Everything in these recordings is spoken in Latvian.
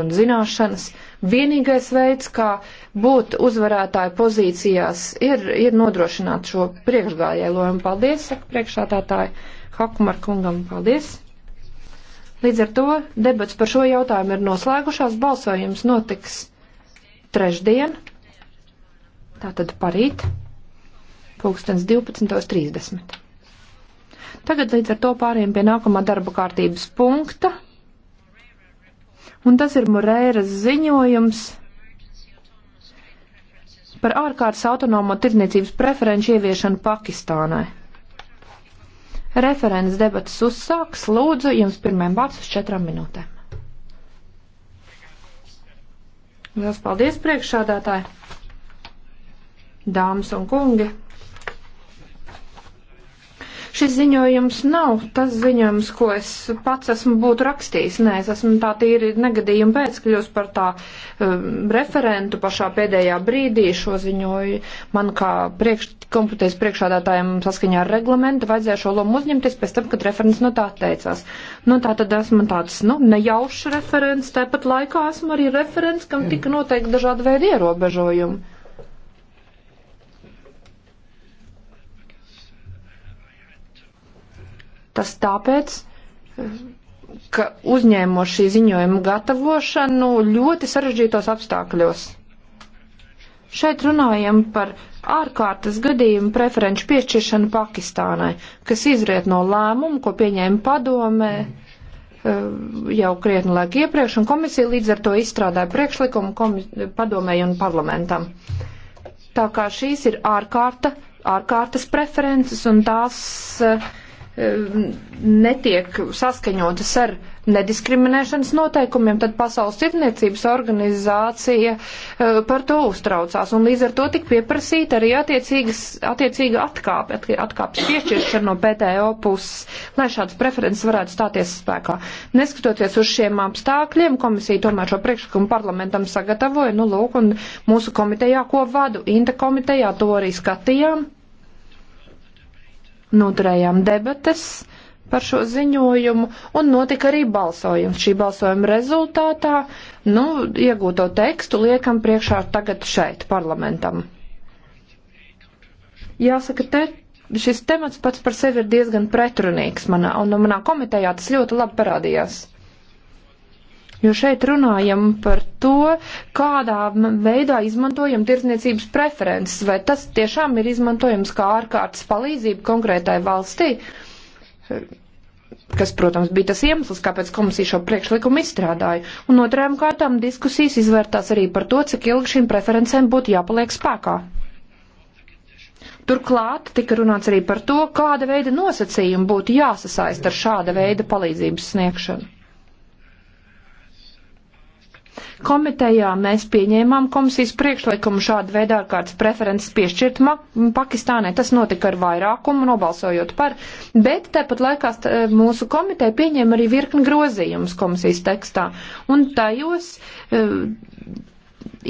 un zināšanas. Vienīgais veids, kā būt uzvarētāju pozīcijās, ir, ir nodrošināt šo priekšgājēju lojumu. Paldies, saka priekšādātāji Hakumar kungam, paldies. Līdz ar to debats par šo jautājumu ir noslēgušās. Balsojums notiks trešdien, tātad parīt, pulkstens 12.30. Tagad līdz ar to pāriem pie nākamā darba kārtības punkta un tas ir Moreiras ziņojums par ārkārtas autonomo tirdzniecības preferenču ieviešanu Pakistānai. Referents debatas uzsāks. Lūdzu, jums pirmajam vārds uz četrām minūtēm. Lielas paldies priekšādātāji, dāmas un kungi, Šis ziņojums nav tas ziņojums, ko es pats esmu būtu rakstījis. Nē, es esmu tā tīri negadījuma pēc kļūst par tā um, referentu pašā pēdējā brīdī. Šo ziņoju man kā priekš, kompetences priekšādātājiem saskaņā ar reglamentu vajadzēja šo lomu uzņemties pēc tam, kad referents no tā teicās. Nu, tā tad esmu tāds, nu, nejaušs referents, tāpat laikā esmu arī referents, kam tika noteikti dažādi veidi ierobežojumi. Tas tāpēc, ka uzņēmo šī ziņojuma gatavošanu ļoti sarežģītos apstākļos. Šeit runājam par ārkārtas gadījumu preferenču piešķiršanu Pakistānai, kas izriet no lēmumu, ko pieņēma padomē eh, jau krietni laika iepriekš, un komisija līdz ar to izstrādāja priekšlikumu padomēju un parlamentam. Tā kā šīs ir ārkārta, ārkārtas preferences, un tās uh, Um, netiek saskaņotas ar nediskriminēšanas noteikumiem, tad Pasaules tirdzniecības organizācija uh, par to uztraucās. Un līdz ar to tika pieprasīta arī attiecīga atkāpe, atkāpes piešķiršana no PTO puses, lai šāds preferences varētu stāties spēkā. Neskatoties uz šiem apstākļiem, komisija tomēr šo priekšlikumu parlamentam sagatavoja, nu lūk, un mūsu komitejā, ko vadu, Inta komitejā to arī skatījām noturējām debates par šo ziņojumu, un notika arī balsojums. Šī balsojuma rezultātā, nu, iegūto tekstu liekam priekšā tagad šeit, parlamentam. Jāsaka, te šis temats pats par sevi ir diezgan pretrunīgs manā, un manā komitejā tas ļoti labi parādījās jo šeit runājam par to, kādā veidā izmantojam tirdzniecības preferences, vai tas tiešām ir izmantojams kā ārkārtas palīdzība konkrētai valstī, kas, protams, bija tas iemesls, kāpēc komisija šo priekšlikumu izstrādāja. Un otrām kārtām diskusijas izvērtās arī par to, cik ilgi šīm preferencēm būtu jāpaliek spēkā. Turklāt tika runāts arī par to, kāda veida nosacījumi būtu jāsasaist ar šāda veida palīdzības sniegšanu. Komitejā mēs pieņēmām komisijas priekšlikumu šādu veidu ārkārtas preferences piešķirt Pakistānai. Tas notika ar vairākumu, nobalsojot par, bet tāpat laikā eh, mūsu komiteja pieņēma arī virkni grozījumus komisijas tekstā. Un tajos eh,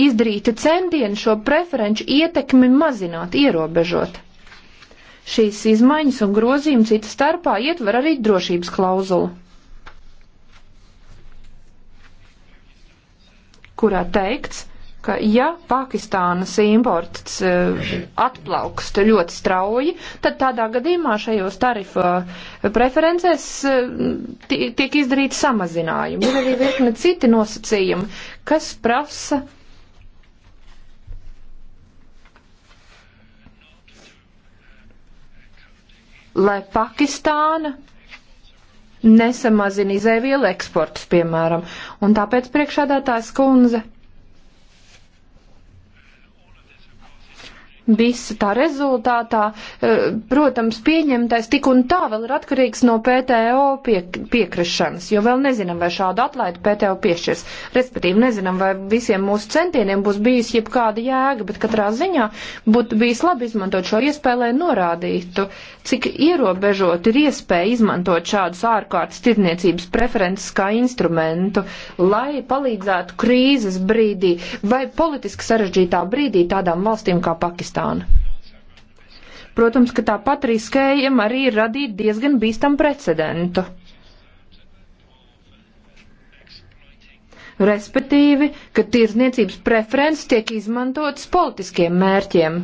izdarīta centieni šo preferenču ietekmi mazināt, ierobežot. Šīs izmaiņas un grozījumi cita starpā ietver arī drošības klauzulu. kurā teikts, ka ja Pakistānas imports e, atplaukst ļoti strauji, tad tādā gadījumā šajos tarifa preferencēs e, tiek izdarīti samazinājumi. Ir arī virkne citi nosacījumi, kas prasa. Lai Pakistāna nesamazina izēvielu eksportus, piemēram. Un tāpēc priekšādātājs kundze Visa tā rezultātā, eh, protams, pieņemtais tik un tā vēl ir atkarīgs no PTO pie, piekrišanas, jo vēl nezinām, vai šādu atlaidu PTO piešķirs. Respektīvi, nezinām, vai visiem mūsu centieniem būs bijis jebkāda jēga, bet katrā ziņā būtu bijis labi izmantot šo iespēju, lai norādītu, cik ierobežot ir iespēja izmantot šādus ārkārtas tirniecības preferences kā instrumentu, lai palīdzētu krīzes brīdī vai politiski sarežģītā brīdī tādām valstīm kā Pakistāna. Afganistānu. Protams, ka tāpat riskējam arī radīt diezgan bīstam precedentu. Respektīvi, ka tirzniecības preferences tiek izmantotas politiskiem mērķiem.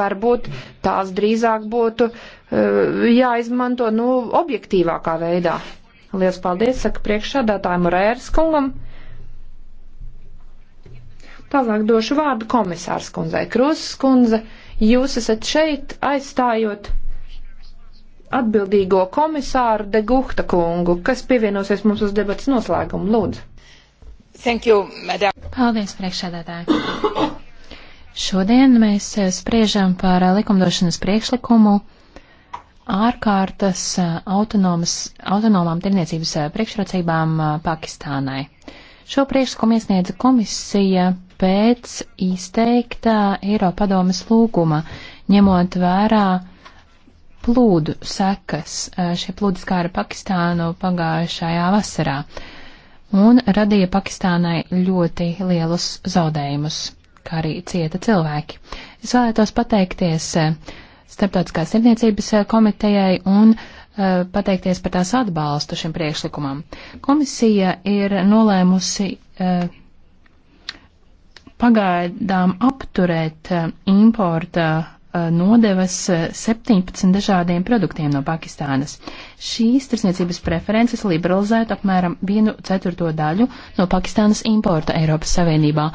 Varbūt tās drīzāk būtu uh, jāizmanto nu, objektīvākā veidā. Lielas paldies, saka priekšsādātājiem Rēras kungam. Tālāk došu vārdu komisārs kundzei. Krosas kundze, jūs esat šeit aizstājot atbildīgo komisāru de Guhta kungu, kas pievienosies mums uz debatas noslēgumu. Lūdzu. Thank you, madam. Paldies, priekšsēdētāji. Šodien mēs spriežam par likumdošanas priekšlikumu ārkārtas autonomas, autonomām tirniecības priekšrocībām Pakistānai. Šo priekšlikumu iesniedza komisija pēc izteiktā Eiropadomes lūguma, ņemot vērā plūdu sekas. Šie plūdi skāra Pakistānu pagājušajā vasarā un radīja Pakistānai ļoti lielus zaudējumus, kā arī cieta cilvēki. Es vēlētos pateikties Starptautiskās sirdniecības komitejai un uh, Eh, pateikties par tās atbalstu šim priekšlikumam. Komisija ir nolēmusi eh, pagaidām apturēt eh, importa nodevas 17 dažādiem produktiem no Pakistānas. Šīs tirsniecības preferences liberalizētu apmēram 1 ceturto daļu no Pakistānas importa Eiropas Savienībā,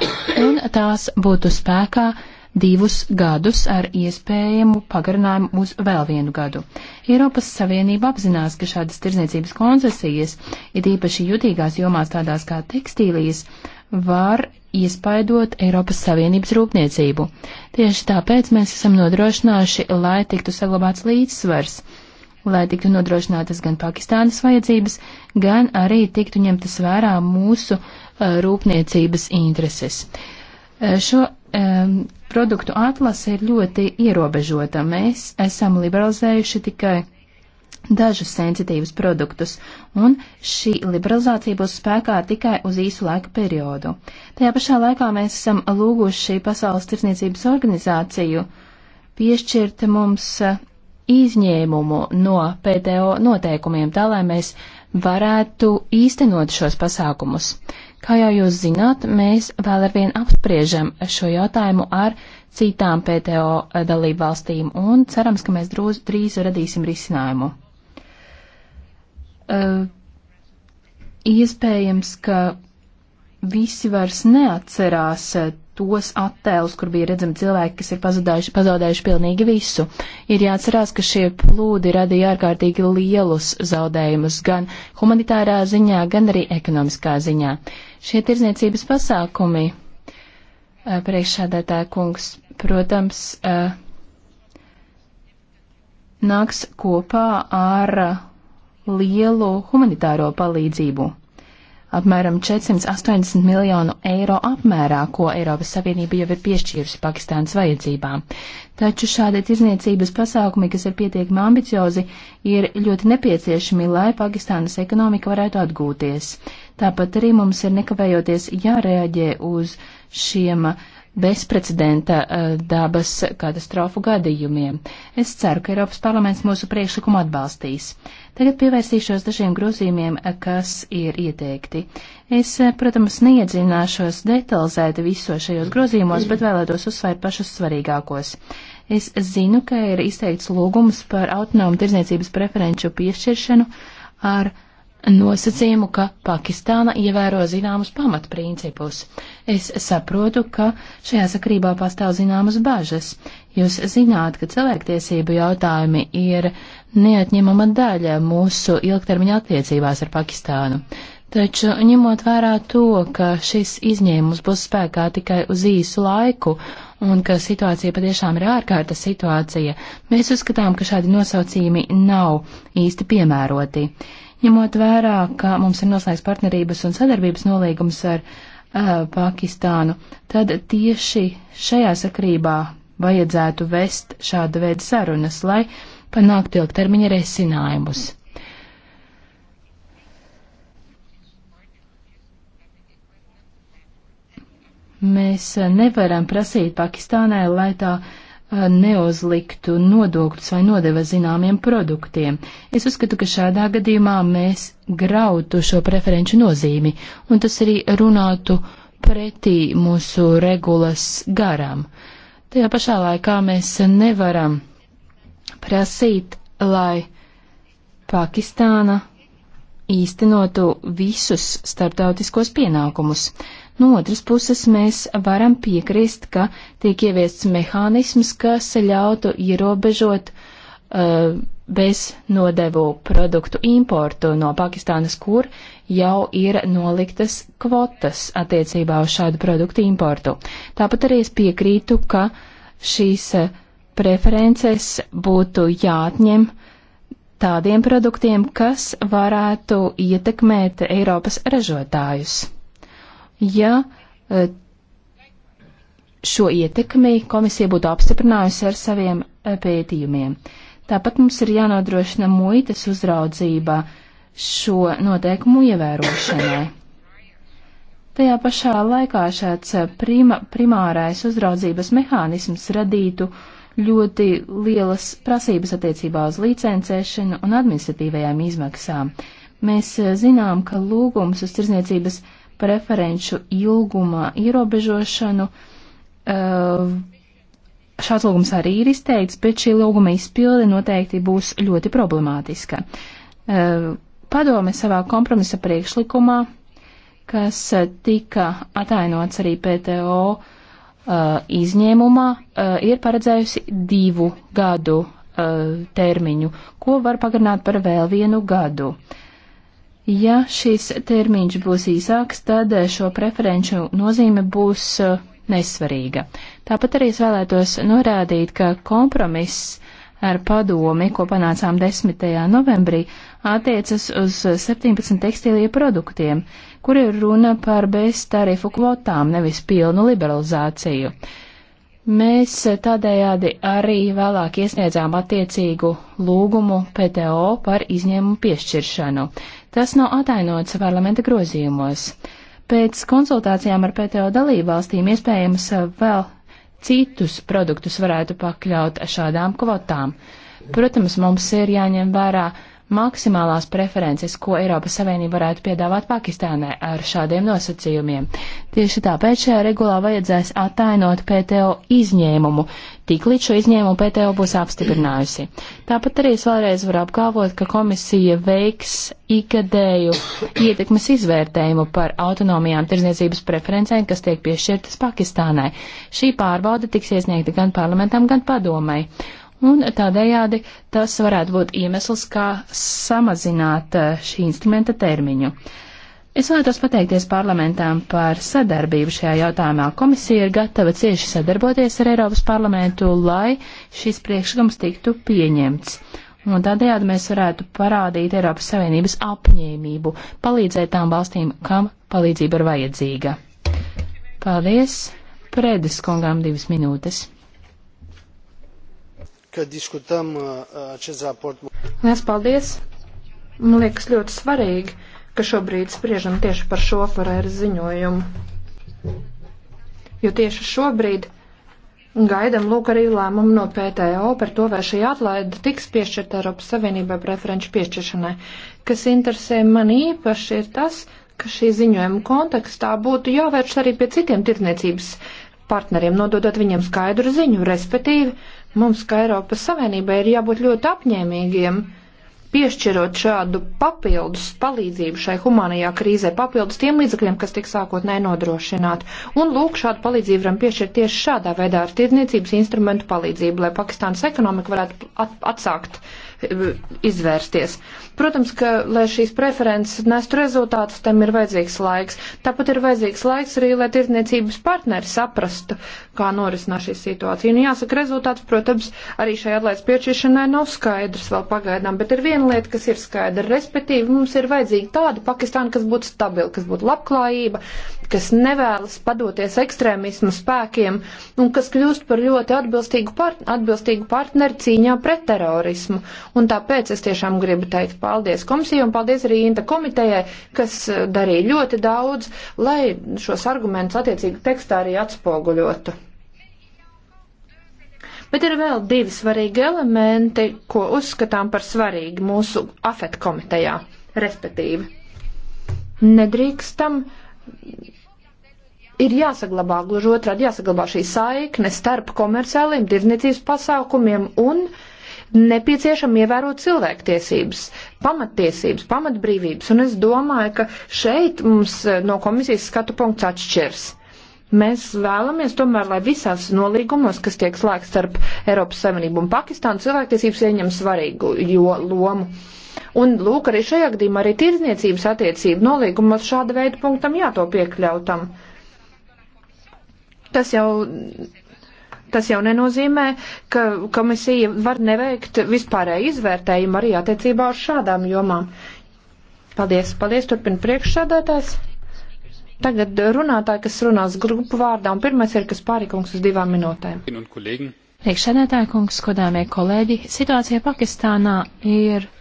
un tās būtu spēkā divus gadus ar iespējamu pagarinājumu uz vēl vienu gadu. Eiropas Savienība apzinās, ka šādas tirzniecības koncesijas, it īpaši jutīgās jomās tādās kā tekstīlijas, var iespaidot Eiropas Savienības rūpniecību. Tieši tāpēc mēs esam nodrošinājuši, lai tiktu saglabāts līdzsvars lai tiktu nodrošinātas gan Pakistānas vajadzības, gan arī tiktu ņemtas vērā mūsu uh, rūpniecības intereses. Uh, šo um, produktu atlase ir ļoti ierobežota. Mēs esam liberalizējuši tikai dažus sensitīvus produktus, un šī liberalizācija būs spēkā tikai uz īsu laika periodu. Tajā pašā laikā mēs esam lūguši Pasaules tirsniecības organizāciju piešķirt mums eh, izņēmumu no PTO noteikumiem, tā lai mēs varētu īstenot šos pasākumus. Kā jau jūs zināt, mēs vēl ar vienu apspriežam šo jautājumu ar citām PTO dalību valstīm un cerams, ka mēs drūz, drīz radīsim risinājumu. Uh, iespējams, ka visi vairs neatcerās tos attēlus, kur bija redzami cilvēki, kas ir pazaudējuši, pazaudējuši pilnīgi visu. Ir jāatcerās, ka šie plūdi radīja ārkārtīgi lielus zaudējumus gan humanitārā ziņā, gan arī ekonomiskā ziņā. Šie tirzniecības pasākumi, priekšsādētāja kungs, protams, nāks kopā ar lielu humanitāro palīdzību apmēram 480 miljonu eiro apmērā, ko Eiropas Savienība jau ir piešķīrusi Pakistānas vajadzībām. Taču šādi tirzniecības pasākumi, kas ir pietiekami ambiciozi, ir ļoti nepieciešami, lai Pakistānas ekonomika varētu atgūties. Tāpat arī mums ir nekavējoties jārēģē uz šiem uh, bezprecedenta eh, dabas katastrofu gadījumiem. Es ceru, ka Eiropas parlaments mūsu priekšlikumu atbalstīs. Tagad pievērsīšos dažiem grozījumiem, eh, kas ir ieteikti. Es, eh, protams, neiedzināšos detalizēti visos šajos grozījumos, bet vēlētos uzsvērt pašus svarīgākos. Es zinu, ka ir izteikts lūgums par autonomu tirzniecības preferenču piešķiršanu ar uh, nosacījumu, ka Pakistāna ievēro zināmus pamatprincipus. Es saprotu, ka šajā sakrībā pastāv zināmas bažas. Jūs zināt, ka cilvēktiesību jautājumi ir neatņemama daļa mūsu ilgtermiņa attiecībās ar Pakistānu. Taču ņemot vērā to, ka šis izņēmums būs spēkā tikai uz īsu laiku un ka situācija patiešām ir ārkārtas situācija, mēs uzskatām, ka šādi nosaucījumi nav īsti piemēroti. Ņemot vērā, ka mums ir noslēgts partnerības un sadarbības nolīgums ar uh, Pakistānu, tad tieši šajā sakrībā vajadzētu vest šāda veida sarunas, lai panāktu ilgtermiņa resinājumus. Mēs nevaram prasīt Pakistānai, lai tā uh, neuzliktu nodokļus vai nodevas zināmiem produktiem. Es uzskatu, ka šādā gadījumā mēs grautu šo preferenču nozīmi, un tas arī runātu pretī mūsu regulas garam. Tajā pašā laikā mēs nevaram prasīt, lai Pakistāna īstenotu visus starptautiskos pienākumus. Uh, No otras puses, mēs varam piekrist, ka tiek ieviests mehānisms, kas ļautu ierobežot uh, bez nodevu produktu importu no Pakistānas, kur jau ir noliktas kvotas attiecībā uz šādu produktu importu. Tāpat arī es piekrītu, ka šīs uh, preferences būtu jāatņem tādiem produktiem, kas varētu ietekmēt Eiropas ražotājus ja e, šo ietekmi komisija būtu apstiprinājusi ar saviem e, pētījumiem. Tāpat mums ir jānodrošina muitas uzraudzība šo noteikumu ievērošanai. Tajā pašā laikā šāds e, prima, primārais uzraudzības mehānisms radītu ļoti lielas prasības attiecībā uz licencēšanu un administratīvajām izmaksām. Mēs zinām, ka lūgums uz tirzniecības uh, preferenču ilguma ierobežošanu. Eh, šāds lūgums arī ir izteikts, bet šī lūguma izpilde noteikti būs ļoti problemātiska. Eh, padome savā kompromisa priekšlikumā, kas tika atainots arī PTO eh, izņēmumā, ir paredzējusi divu gadu termiņu, ko var pagarināt par vēl vienu gadu. Uh, Ja šis termiņš būs īsāks, tad eh, šo preferenču nozīme būs eh, nesvarīga. Tāpat arī es vēlētos norādīt, ka kompromiss ar padomi, ko panācām 10. novembrī, attiecas uz 17 tekstīlie produktiem, kur ir runa par beztarifu kvotām, nevis pilnu liberalizāciju. Mēs eh, tādējādi arī vēlāk iesniedzām attiecīgu lūgumu PTO par izņēmumu piešķiršanu. Tas nav atainots parlamenta grozījumos. Pēc konsultācijām ar PTO dalībvalstīm iespējams eh, vēl citus produktus varētu pakļaut šādām kvotām. Protams, mums ir jāņem vērā uh, maksimālās preferences, ko Eiropas Savienība varētu piedāvāt Pakistānai ar šādiem nosacījumiem. Tieši tāpēc šajā regulā vajadzēs attainot PTO izņēmumu, tik līdz šo izņēmumu PTO būs apstiprinājusi. Tāpat arī es vēlreiz varu apgalvot, ka komisija veiks ikgadēju ietekmes izvērtējumu par autonomijām tirzniecības preferencēm, kas tiek piešķirtas Pakistānai. Šī pārbauda tiks iesniegta gan parlamentam, gan padomai. Un tādējādi tas varētu būt iemesls, kā samazināt eh, šī instrumenta termiņu. Es vēlētos pateikties parlamentām par sadarbību šajā jautājumā. Komisija ir gatava cieši sadarboties ar Eiropas parlamentu, lai šis priekšlikums tiktu pieņemts. Un tādējādi mēs varētu parādīt Eiropas Savienības apņēmību, palīdzēt tām valstīm, kam palīdzība ir vajadzīga. Paldies! Predes kungām divas minūtes ka diskutăm uh, acest raport. Lielas paldies! Man liekas ļoti svarīgi, ka šobrīd spriežam tieši par šo Ferēra ziņojumu. Jo tieši šobrīd gaidam lūk arī lēmumu no PTO par to, vai šī atlaida tiks piešķirta Eiropas Savienībai preferenču piešķiršanai. Kas interesē man īpaši ir tas, ka šī ziņojuma kontekstā būtu jāvērš arī pie citiem tirdzniecības partneriem, nododot viņiem skaidru ziņu, respektīvi, Mums, kā Eiropas Savienībai, ir jābūt ļoti apņēmīgiem piešķirot šādu papildus palīdzību šai humanajā krīzē, papildus tiem līdzekļiem, kas tik sākotnēji nodrošināti. Un lūk, šādu palīdzību varam piešķirt tieši šādā veidā ar tirdzniecības instrumentu palīdzību, lai Pakistānas ekonomika varētu at atsākt uh, izvērsties. Protams, ka, lai šīs preferences nestu rezultātus, tam ir vajadzīgs laiks. Tāpat ir vajadzīgs laiks arī, lai tirdzniecības partneri saprastu, kā norisinās šī situācija. Un jāsaka, rezultāts, protams, arī šai atlaides piešķiršanai nav skaidrs vēl pagaidām, bet ir viena lieta, kas ir skaidra. Respektīvi, mums ir vajadzīga tāda Pakistāna, kas būtu stabila, kas būtu labklājība, kas nevēlas padoties ekstrēmismu spēkiem un kas kļūst par ļoti atbilstīgu, part atbilstīgu partneri cīņā pret terorismu. Un tāpēc es tiešām gribu teikt paldies komisijai un paldies arī Inta komitejai, kas eh, darīja ļoti daudz, lai šos argumentus attiecīgi tekstā arī atspoguļotu. Bet ir vēl divi svarīgi elementi, ko uzskatām par svarīgi mūsu afet komitejā, respektīvi. Nedrīkstam ir jāsaglabā, gluži otrādi jāsaglabā šī saikne starp komerciāliem tirdzniecības pasākumiem un nepieciešam ievērot cilvēktiesības, pamattiesības, pamatbrīvības, un es domāju, ka šeit mums eh, no komisijas skatu punkts atšķirs. Mēs vēlamies tomēr, lai visās nolīgumos, kas tiek slēgts starp Eiropas Savienību un Pakistānu, cilvēktiesības ieņem svarīgu jo, lomu. Un, lūk, arī šajā gadījumā arī tirdzniecības attiecību nolīgumos šāda veida punktam jāto piekļautam. Uh, Tas jau Tas jau nenozīmē, ka komisija var neveikt vispārēju izvērtējumu arī attiecībā uz šādām jomām. Paldies, paldies, turpina priekšsādātājs. Tagad runātāji, kas runās grupu vārdā, un pirmais ir, kas pārīkungs uz divām minūtēm. Priekšsēdētāji kungs, godāmie kolēģi, situācija Pakistānā ir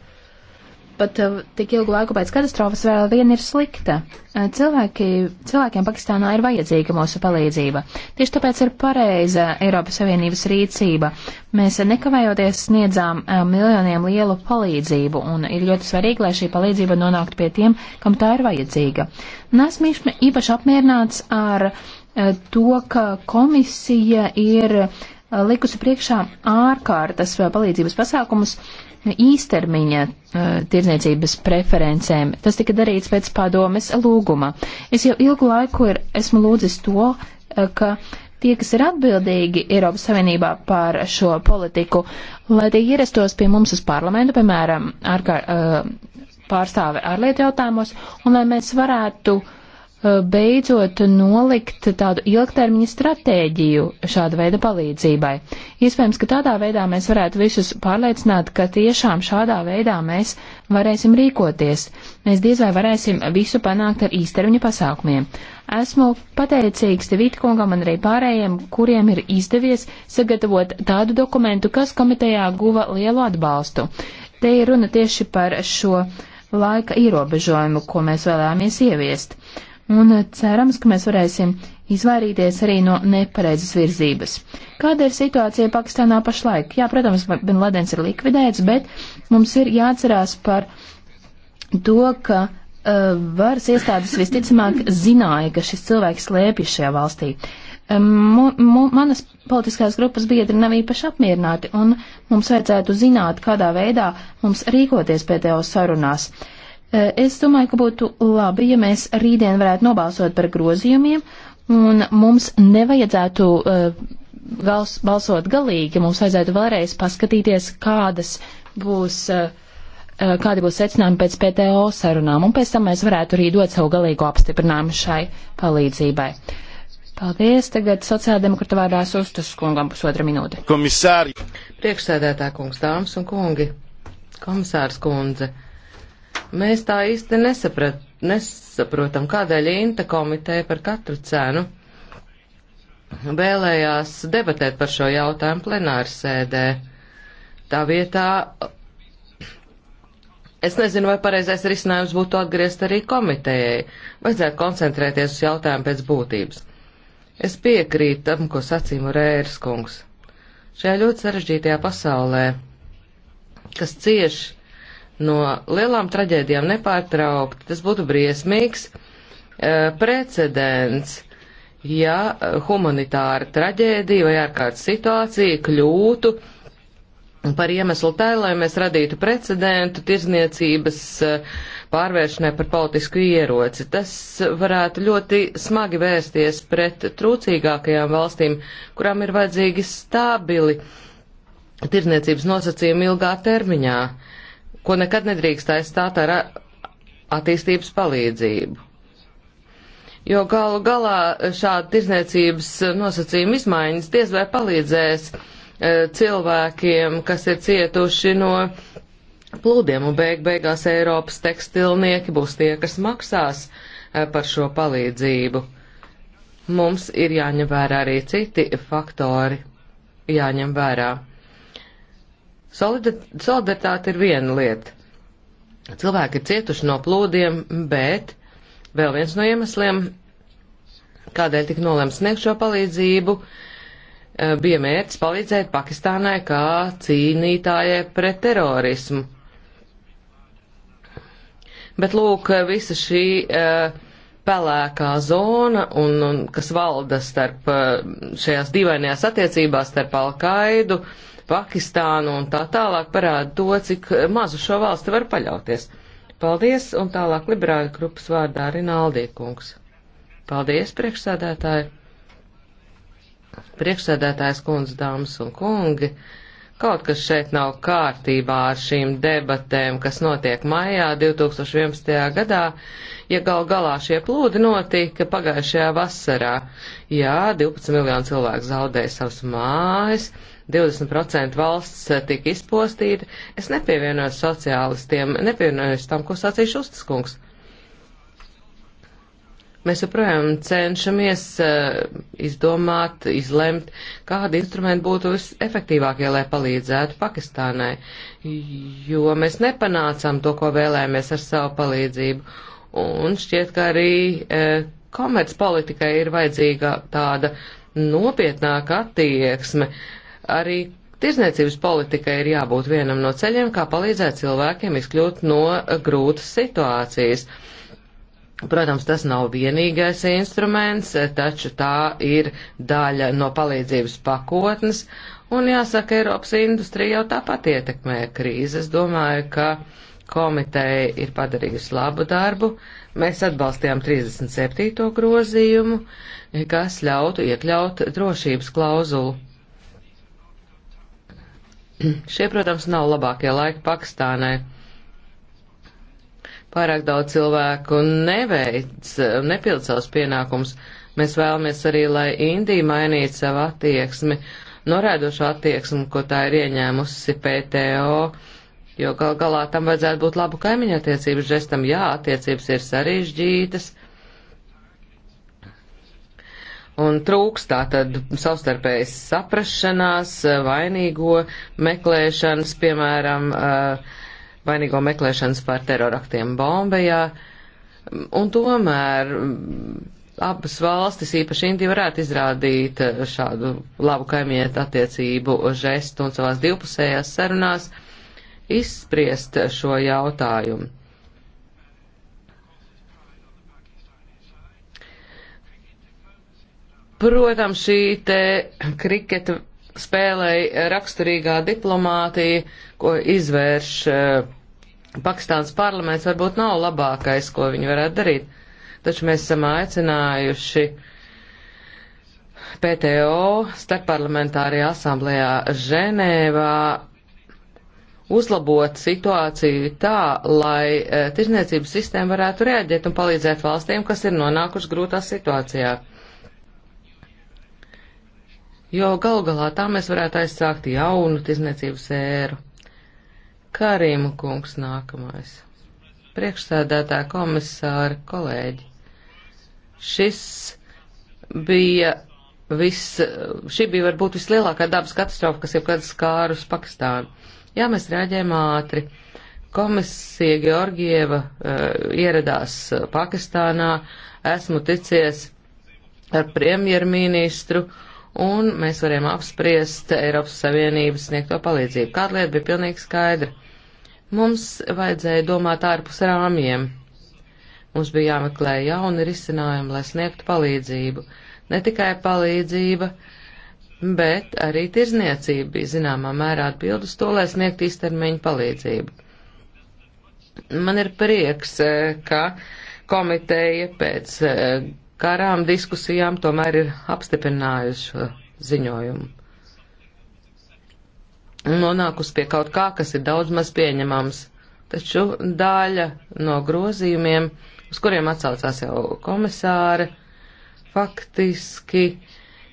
pat eh, tik ilgu laiku pēc katastrofas vēl viena ir slikta. Eh, cilvēki, cilvēkiem Pakistānā ir vajadzīga mūsu palīdzība. Tieši tāpēc ir pareiza Eiropas Savienības rīcība. Mēs nekavējoties sniedzām eh, miljoniem lielu palīdzību, un ir ļoti svarīgi, lai šī palīdzība nonāktu pie tiem, kam tā ir vajadzīga. Nesmu īpaši apmierināts ar to, ka komisija ir likusi priekšā ārkārtas palīdzības pasākumus īstermiņa eh, tirdzniecības preferencēm. Tas tika darīts pēc padomes lūguma. Es jau ilgu laiku ir, esmu lūdzis to, eh, ka tie, kas ir atbildīgi Eiropas Savienībā par šo politiku, lai tie ierastos pie mums uz parlamentu, piemēram, ārkār, eh, pārstāve ārlietu jautājumos, un lai mēs varētu uh, Uh, beidzot nolikt tādu ilgtermiņa stratēģiju šāda veida palīdzībai. Iespējams, ka tādā veidā mēs varētu visus pārliecināt, ka tiešām šādā veidā mēs varēsim rīkoties. Mēs diez vai varēsim visu panākt ar īstermiņa pasākumiem. Esmu pateicīgs te Vitkungam un arī pārējiem, kuriem ir izdevies sagatavot tādu dokumentu, kas komitejā guva lielu atbalstu. Te ir runa tieši par šo laika ierobežojumu, ko mēs vēlējāmies ieviest. Uh, un eh, cerams, ka mēs varēsim izvairīties arī no nepareizas virzības. Kāda ir situācija Pakistānā pašlaik? Jā, protams, Bin Ladens ir likvidēts, bet mums ir jāatcerās par to, ka uh, varas iestādes visticamāk zināja, ka šis cilvēks lēpjas šajā valstī. Um, manas politiskās grupas biedri nav īpaši apmierināti, un mums vajadzētu zināt, kādā veidā mums rīkoties pēdējos sarunās. Uh, Eh, es domāju, ka būtu labi, ja mēs rītdien varētu nobalsot par grozījumiem, un mums nevajadzētu uh, gals, balsot galīgi, mums vajadzētu vēlreiz paskatīties, kādas būs. Uh, Kādi būs secinājumi pēc PTO sarunām, un pēc tam mēs varētu arī dot savu galīgo apstiprinājumu šai palīdzībai. Paldies, tagad sociāldemokrata vārdās Ustas kungam pusotra minūte. Komisāri! Priekšsēdētā kungs, dāmas un kungi, komisārs kundze. Mēs tā īsti nesaprat, nesaprotam, kādēļ Inta komiteja par katru cenu vēlējās debatēt par šo jautājumu plenāru sēdē. Tā vietā, es nezinu, vai pareizais risinājums būtu atgriezt arī komitejai. Vajadzētu koncentrēties uz jautājumu pēc būtības. Es piekrītu tam, ko sacīja Rērs kungs. Šajā ļoti sarežģītajā pasaulē, kas cieši no lielām traģēdijām nepārtraukti. Tas būtu briesmīgs uh, precedents, ja eh, humanitāra traģēdija vai ārkārtas situācija kļūtu par iemeslu tā, lai mēs radītu precedentu tirzniecības uh, pārvēršanai par politisku ieroci. Tas varētu ļoti smagi vērsties pret trūcīgākajām valstīm, kurām ir vajadzīgi stabili tirzniecības nosacījumi ilgā termiņā. Uh, ko nekad nedrīkst aizstāt ar attīstības palīdzību. Jo galu galā šāda tirzniecības nosacījuma izmaiņas diez vai palīdzēs e, cilvēkiem, kas ir cietuši no plūdiem, un beig beigās Eiropas tekstilnieki būs tie, kas maksās e, par šo palīdzību. Mums ir jāņem vērā arī citi faktori, jāņem vērā Solidaritāte ir viena lieta. Cilvēki ir cietuši no plūdiem, bet vēl viens no iemesliem, kādēļ tika nolēmts sniegt šo palīdzību, e, bija mērķis palīdzēt Pakistānai kā cīnītājai pret terorismu. Bet lūk, visa šī uh, pelēkā zona, un, un, kas valda starp e, šajās dīvainajās attiecībās starp Alkaidu, uh, Pakistānu un tā tālāk parāda to, cik mazu šo valsti var paļauties. Paldies, un tālāk liberāļu grupas vārdā Rinaldie kungs. Paldies, priekšsēdētāji! Priekšsēdētājs kundze, dāmas un kungi! Kaut kas šeit nav kārtībā ar šīm debatēm, kas notiek maijā 2011. gadā, ja gal galā šie plūdi notika pagājušajā vasarā. Jā, 12 miljonu cilvēku zaudēja savas mājas, 20% valsts eh, tika izpostīta. Es nepievienojos sociālistiem, nepievienojos tam, ko sacīja Šustaskungs. Mēs joprojām cenšamies eh, izdomāt, izlemt, kādi instrumenti būtu visefektīvākie, lai palīdzētu Pakistānai, jo mēs nepanācām to, ko vēlējāmies ar savu palīdzību. Un šķiet, ka arī eh, komercpolitikai ir vajadzīga tāda nopietnāka attieksme, Arī tirzniecības politikai ir jābūt vienam no ceļiem, kā palīdzēt cilvēkiem izkļūt no grūtas situācijas. Protams, tas nav vienīgais instruments, taču tā ir daļa no palīdzības pakotnes, un jāsaka, Eiropas industrija jau tāpat ietekmē krīzes. Domāju, ka komiteja ir padarījusi labu darbu. Mēs atbalstījām 37. grozījumu, kas ļautu iekļaut drošības klauzulu Šie, protams, nav labākie laiki Pakistānai. Pārāk daudz cilvēku neveic, nepild savus pienākumus. Mēs vēlamies arī, lai Indija mainītu savu attieksmi, noraidošu attieksmi, ko tā ir ieņēmusi PTO, jo gal galā tam vajadzētu būt labu kaimiņu attiecību žestam. Jā, attiecības ir sarežģītas. Uh, un trūks tātad savstarpējas saprašanās, eh, vainīgo meklēšanas, piemēram, eh, vainīgo meklēšanas par teroraktiem Bombajā, un tomēr mm, abas valstis, īpaši Indija, varētu izrādīt eh, šādu labu kaimiet attiecību žestu un savās divpusējās sarunās izspriest šo jautājumu. Protams, šī te kriketa spēlēja raksturīgā diplomātija, ko izvērš eh, Pakistāns parlaments, varbūt nav labākais, ko viņi varētu darīt. Taču mēs esam aicinājuši PTO starpparlamentārajā asamblējā Ženēvā uzlabot situāciju tā, lai eh, tirzniecības sistēma varētu rēģēt un palīdzēt valstīm, kas ir nonākuši grūtā situācijā jo gal galā tā mēs varētu aizsākt jaunu tirzniecības ēru. Karīma kungs nākamais. Priekšsēdētā komisāra kolēģi. Šis bija vis, šī bija varbūt vislielākā dabas katastrofa, kas jebkad skārus Pakistānu. Jā, mēs reaģējām ātri. Komisija Georgieva uh, ieradās eh, Pakistānā, esmu ticies ar premjerministru uh, un mēs varējām apspriest Eiropas Savienības sniegto palīdzību. Kāda lieta bija pilnīgi skaidra. Mums vajadzēja domāt ārpus rāmjiem. Mums bija jāmeklē jauni risinājumi, lai sniegtu palīdzību. Ne tikai palīdzība, bet arī tirzniecība bija zināmā mērā atbildus to, lai sniegtu īstermiņu palīdzību. Man ir prieks, eh, ka komiteja pēc eh, karām diskusijām tomēr ir apstiprinājusi šo ziņojumu. Nonākusi pie kaut kā, kas ir daudz maz pieņemams, taču daļa no grozījumiem, uz kuriem atsaucās jau komisāre, faktiski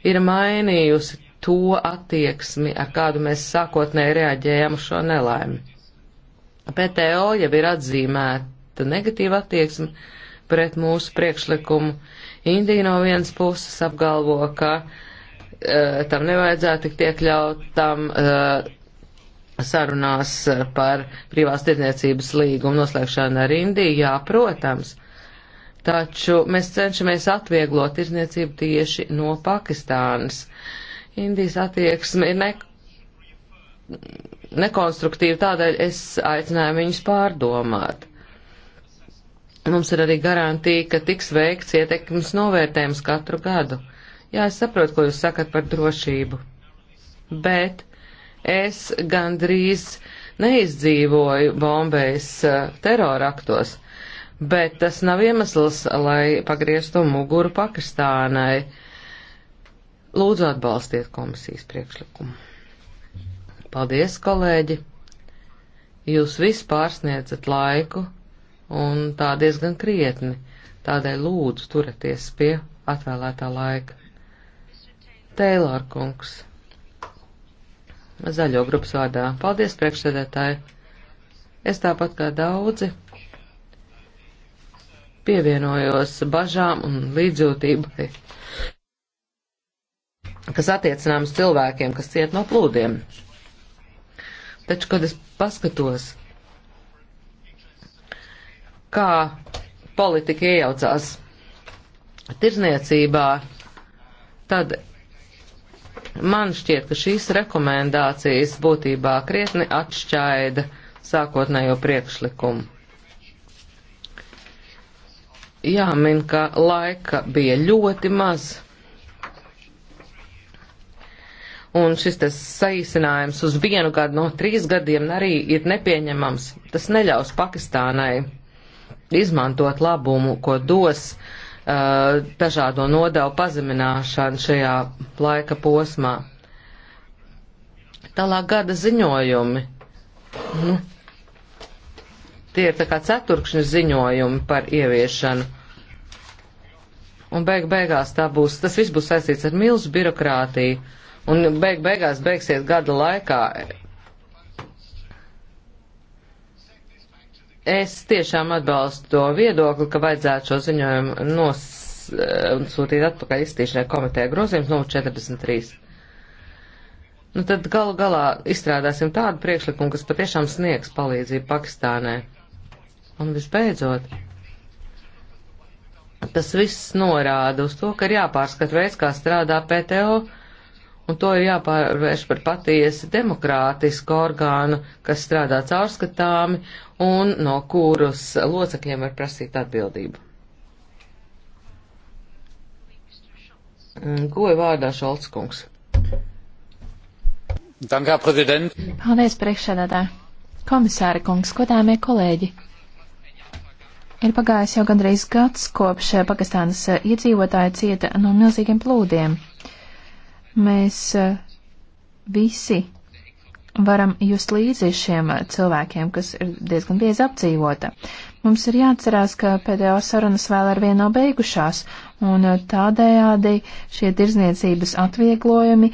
ir mainījusi to attieksmi, ar kādu mēs sākotnēji reaģējām uz šo nelaimi. PTO jau ir atzīmēta negatīva attieksme pret mūsu priekšlikumu, Indija no vienas puses apgalvo, ka uh, tam nevajadzētu tikt iekļautam uh, eh, sarunās par privās tirdzniecības līgumu noslēgšanu ar Indiju, jā, protams. Taču mēs cenšamies atvieglot tirdzniecību tieši no Pakistānas. Indijas attieksme ir ne, nekonstruktīva, tādēļ es aicināju viņus pārdomāt. Mums ir arī garantija, ka tiks veikts ietekmes novērtējums katru gadu. Jā, es saprotu, ko jūs sakat par drošību, bet es gandrīz neizdzīvoju Bombejas eh, teroraktos, bet tas nav iemesls, lai pagrieztu muguru Pakistānai. Lūdzu atbalstiet komisijas priekšlikumu. Paldies, kolēģi! Jūs visi pārsniedzat laiku un tā diezgan krietni. Tādēļ lūdzu turieties pie atvēlētā laika. Teilor kungs. Zaļo grupas vārdā. Paldies, priekšsēdētāji. Es tāpat kā daudzi pievienojos bažām un līdzjūtībai, kas attiecināms cilvēkiem, kas ciet no plūdiem. Taču, kad es paskatos kā politika iejaucās tirzniecībā, tad man šķiet, ka šīs rekomendācijas būtībā krietni atšķaida sākotnējo priekšlikumu. Jāmin, ka laika bija ļoti maz, un šis saīsinājums uz vienu gadu no trīs gadiem arī ir nepieņemams. Tas neļaus Pakistānai izmantot labumu, ko dos uh, dažādo nodevu pazemināšana šajā laika posmā. Tālāk gada ziņojumi. Nu, tie ir tā kā ceturkšņu ziņojumi par ieviešanu. Un beig beigās tā būs, tas viss būs saistīts ar milzu birokrātiju. Un beig beigās beigsies gada laikā Es tiešām atbalstu to viedokli, ka vajadzētu šo ziņojumu nosūtīt eh, atpakaļ izskatīšanai komitē grozījums no 43. Nu tad galu galā izstrādāsim tādu priekšlikumu, kas patiešām sniegs palīdzību Pakistānai. Un visbeidzot, tas viss norāda uz to, ka ir jāpārskat veids, kā strādā PTO un to ir jāpārvērš par patiesi demokrātisku orgānu, kas strādā caurskatāmi un no kuras locekļiem var prasīt atbildību. Mm, goja vārdā Šolts kungs. Dankā, prezident. Paldies, priekšsēdētāji. Komisāri kungs, godāmie kolēģi. Ir pagājis jau gandrīz gads, kopš Pakistānas iedzīvotāji cieta no milzīgiem plūdiem. Mēs e, visi varam just līdzi šiem cilvēkiem, kas ir diezgan biezi apdzīvota. Mums ir jāatcerās, ka pēdējo sarunas vēl ar vienu nav beigušās, un e, tādējādi šie tirzniecības atvieglojumi,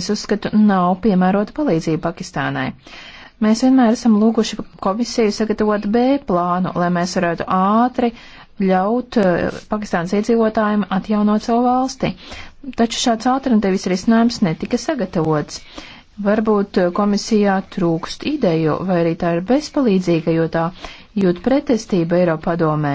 es uzskatu, nav piemērota palīdzība Pakistānai. Mēs vienmēr esam lūguši komisiju sagatavot B plānu, lai mēs varētu ātri ļaut e, Pakistānas iedzīvotājiem atjaunot savu valsti taču šāds alternatīvs risinājums netika sagatavots. Varbūt komisijā trūkst ideju, vai arī tā ir bezpalīdzīga, jo tā jūt pretestība Eiropadomē.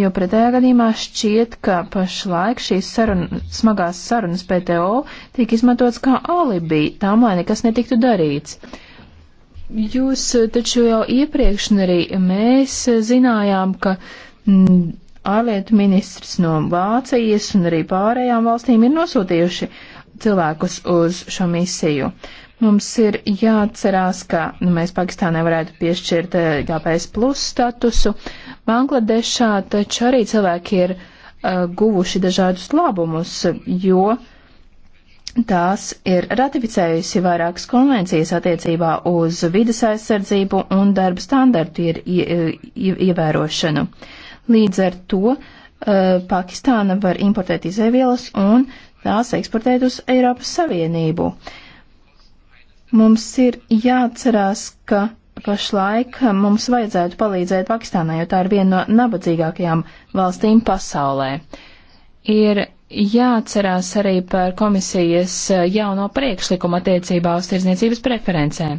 Jo pretējā gadījumā šķiet, ka pašlaik šīs sarun, smagās sarunas PTO tiek izmantots kā alibi tam, lai nekas netiktu darīts. Jūs taču jau iepriekš, un arī mēs zinājām, ka mm, ārlietu ministrs no Vācijas un arī pārējām valstīm ir nosūtījuši cilvēkus uz šo misiju. Mums ir jāatcerās, ka nu, mēs Pakistānai varētu piešķirt eh, GPS plus statusu. Bangladešā taču arī cilvēki ir uh, guvuši dažādus labumus, jo tās ir ratificējusi vairākas konvencijas attiecībā uz vidas aizsardzību un darba standartu ir ievērošanu. Uh, Līdz ar to uh, Pakistāna var importēt izēvielas un tās eksportēt uz Eiropas Savienību. Mums ir jāatcerās, ka pašlaik mums vajadzētu palīdzēt Pakistānai, jo tā ir viena no nabadzīgākajām valstīm pasaulē. Ir jāatcerās arī par komisijas eh, jauno priekšlikumu attiecībā uz tirdzniecības preferencēm.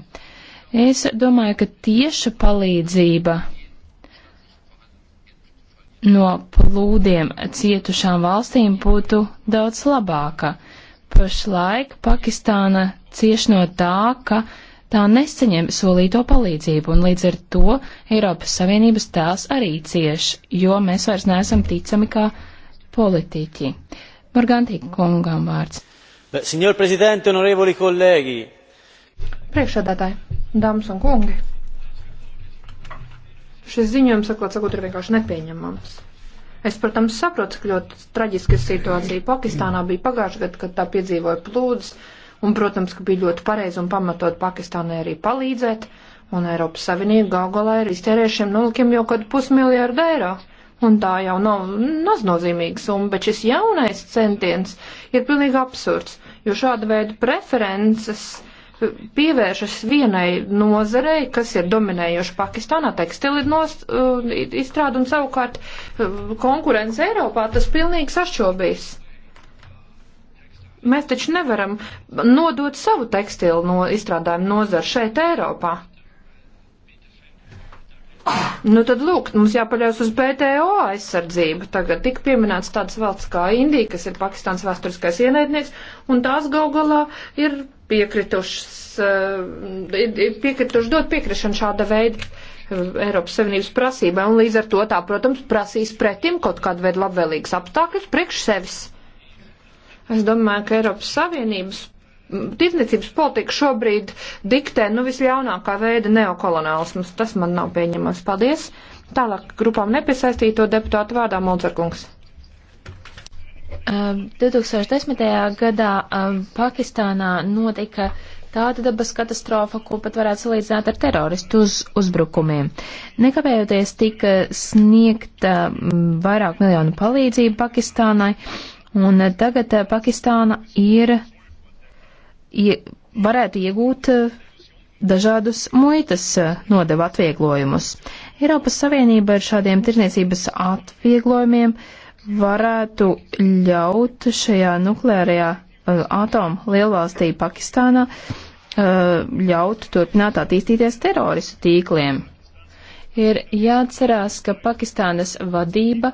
Es domāju, ka tieša palīdzība no plūdiem cietušām valstīm būtu daudz labāka. Pašlaik Pakistāna cieš no tā, ka tā nesaņem solīto palīdzību, un līdz ar to Eiropas Savienības tās arī cieš, jo mēs vairs neesam ticami kā politiķi. Morgantī kungam vārds. Signor Presidente, onorevoli kolēģi! Priekšsēdētāji, dāmas un kungi! Šis ziņojums, sakot, sakot, ir vienkārši nepieņemams. Es, protams, saprotu, ka ļoti traģiska situācija Pakistānā bija pagājušajā gadā, kad tā piedzīvoja plūdes, un, protams, ka bija ļoti pareizi un pamatot Pakistānai arī palīdzēt, un Eiropas Savienība galgalā ir iztērējušiem nulkiem jau kādu pusmiljārdu eiro. Un tā jau nav maznozīmīga summa, bet šis jaunais centiens ir pilnīgi absurds, jo šāda veida preferences pievēršas vienai nozarei, kas ir dominējoša Pakistānā, tekstili ir uh, izstrāda un savukārt uh, konkurence Eiropā tas pilnīgi sašķobīs. Mēs taču nevaram nodot savu tekstilu no izstrādājumu nozaru šeit Eiropā. Nu tad lūk, mums jāpaļaus uz PTO aizsardzību. Tagad tik pieminēts tāds valsts kā Indija, kas ir Pakistāns vēsturiskais ienaidnieks, un tās gal galā ir piekritušas, eh, ir piekritušas dot piekrišanu šāda veida eh, Eiropas Savienības prasībai, un līdz ar to tā, protams, prasīs pretim kaut kādu veidu labvēlīgus apstākļus priekš sevis. Es domāju, ka Eiropas Savienības tirdzniecības politika šobrīd diktē, nu, visļaunākā veida neokolonālisms. Tas man nav pieņemams. Paldies. Tālāk grupām nepiesaistīto deputātu vārdā Molcerkungs. 2010. gadā Pakistānā notika tāda dabas katastrofa, ko pat varētu salīdzināt ar teroristu uz uzbrukumiem. Nekavējoties tika sniegta vairāk miljonu palīdzību Pakistānai, un tagad Pakistāna ir ie, varētu iegūt eh, dažādus muitas eh, nodevu atvieglojumus. Eiropas Savienība ar šādiem tirniecības atvieglojumiem varētu ļaut šajā nukleārajā eh, atomu lielvalstī Pakistānā ļaut turpināt attīstīties teroristu tīkliem. Ir jāatcerās, ka Pakistānas vadība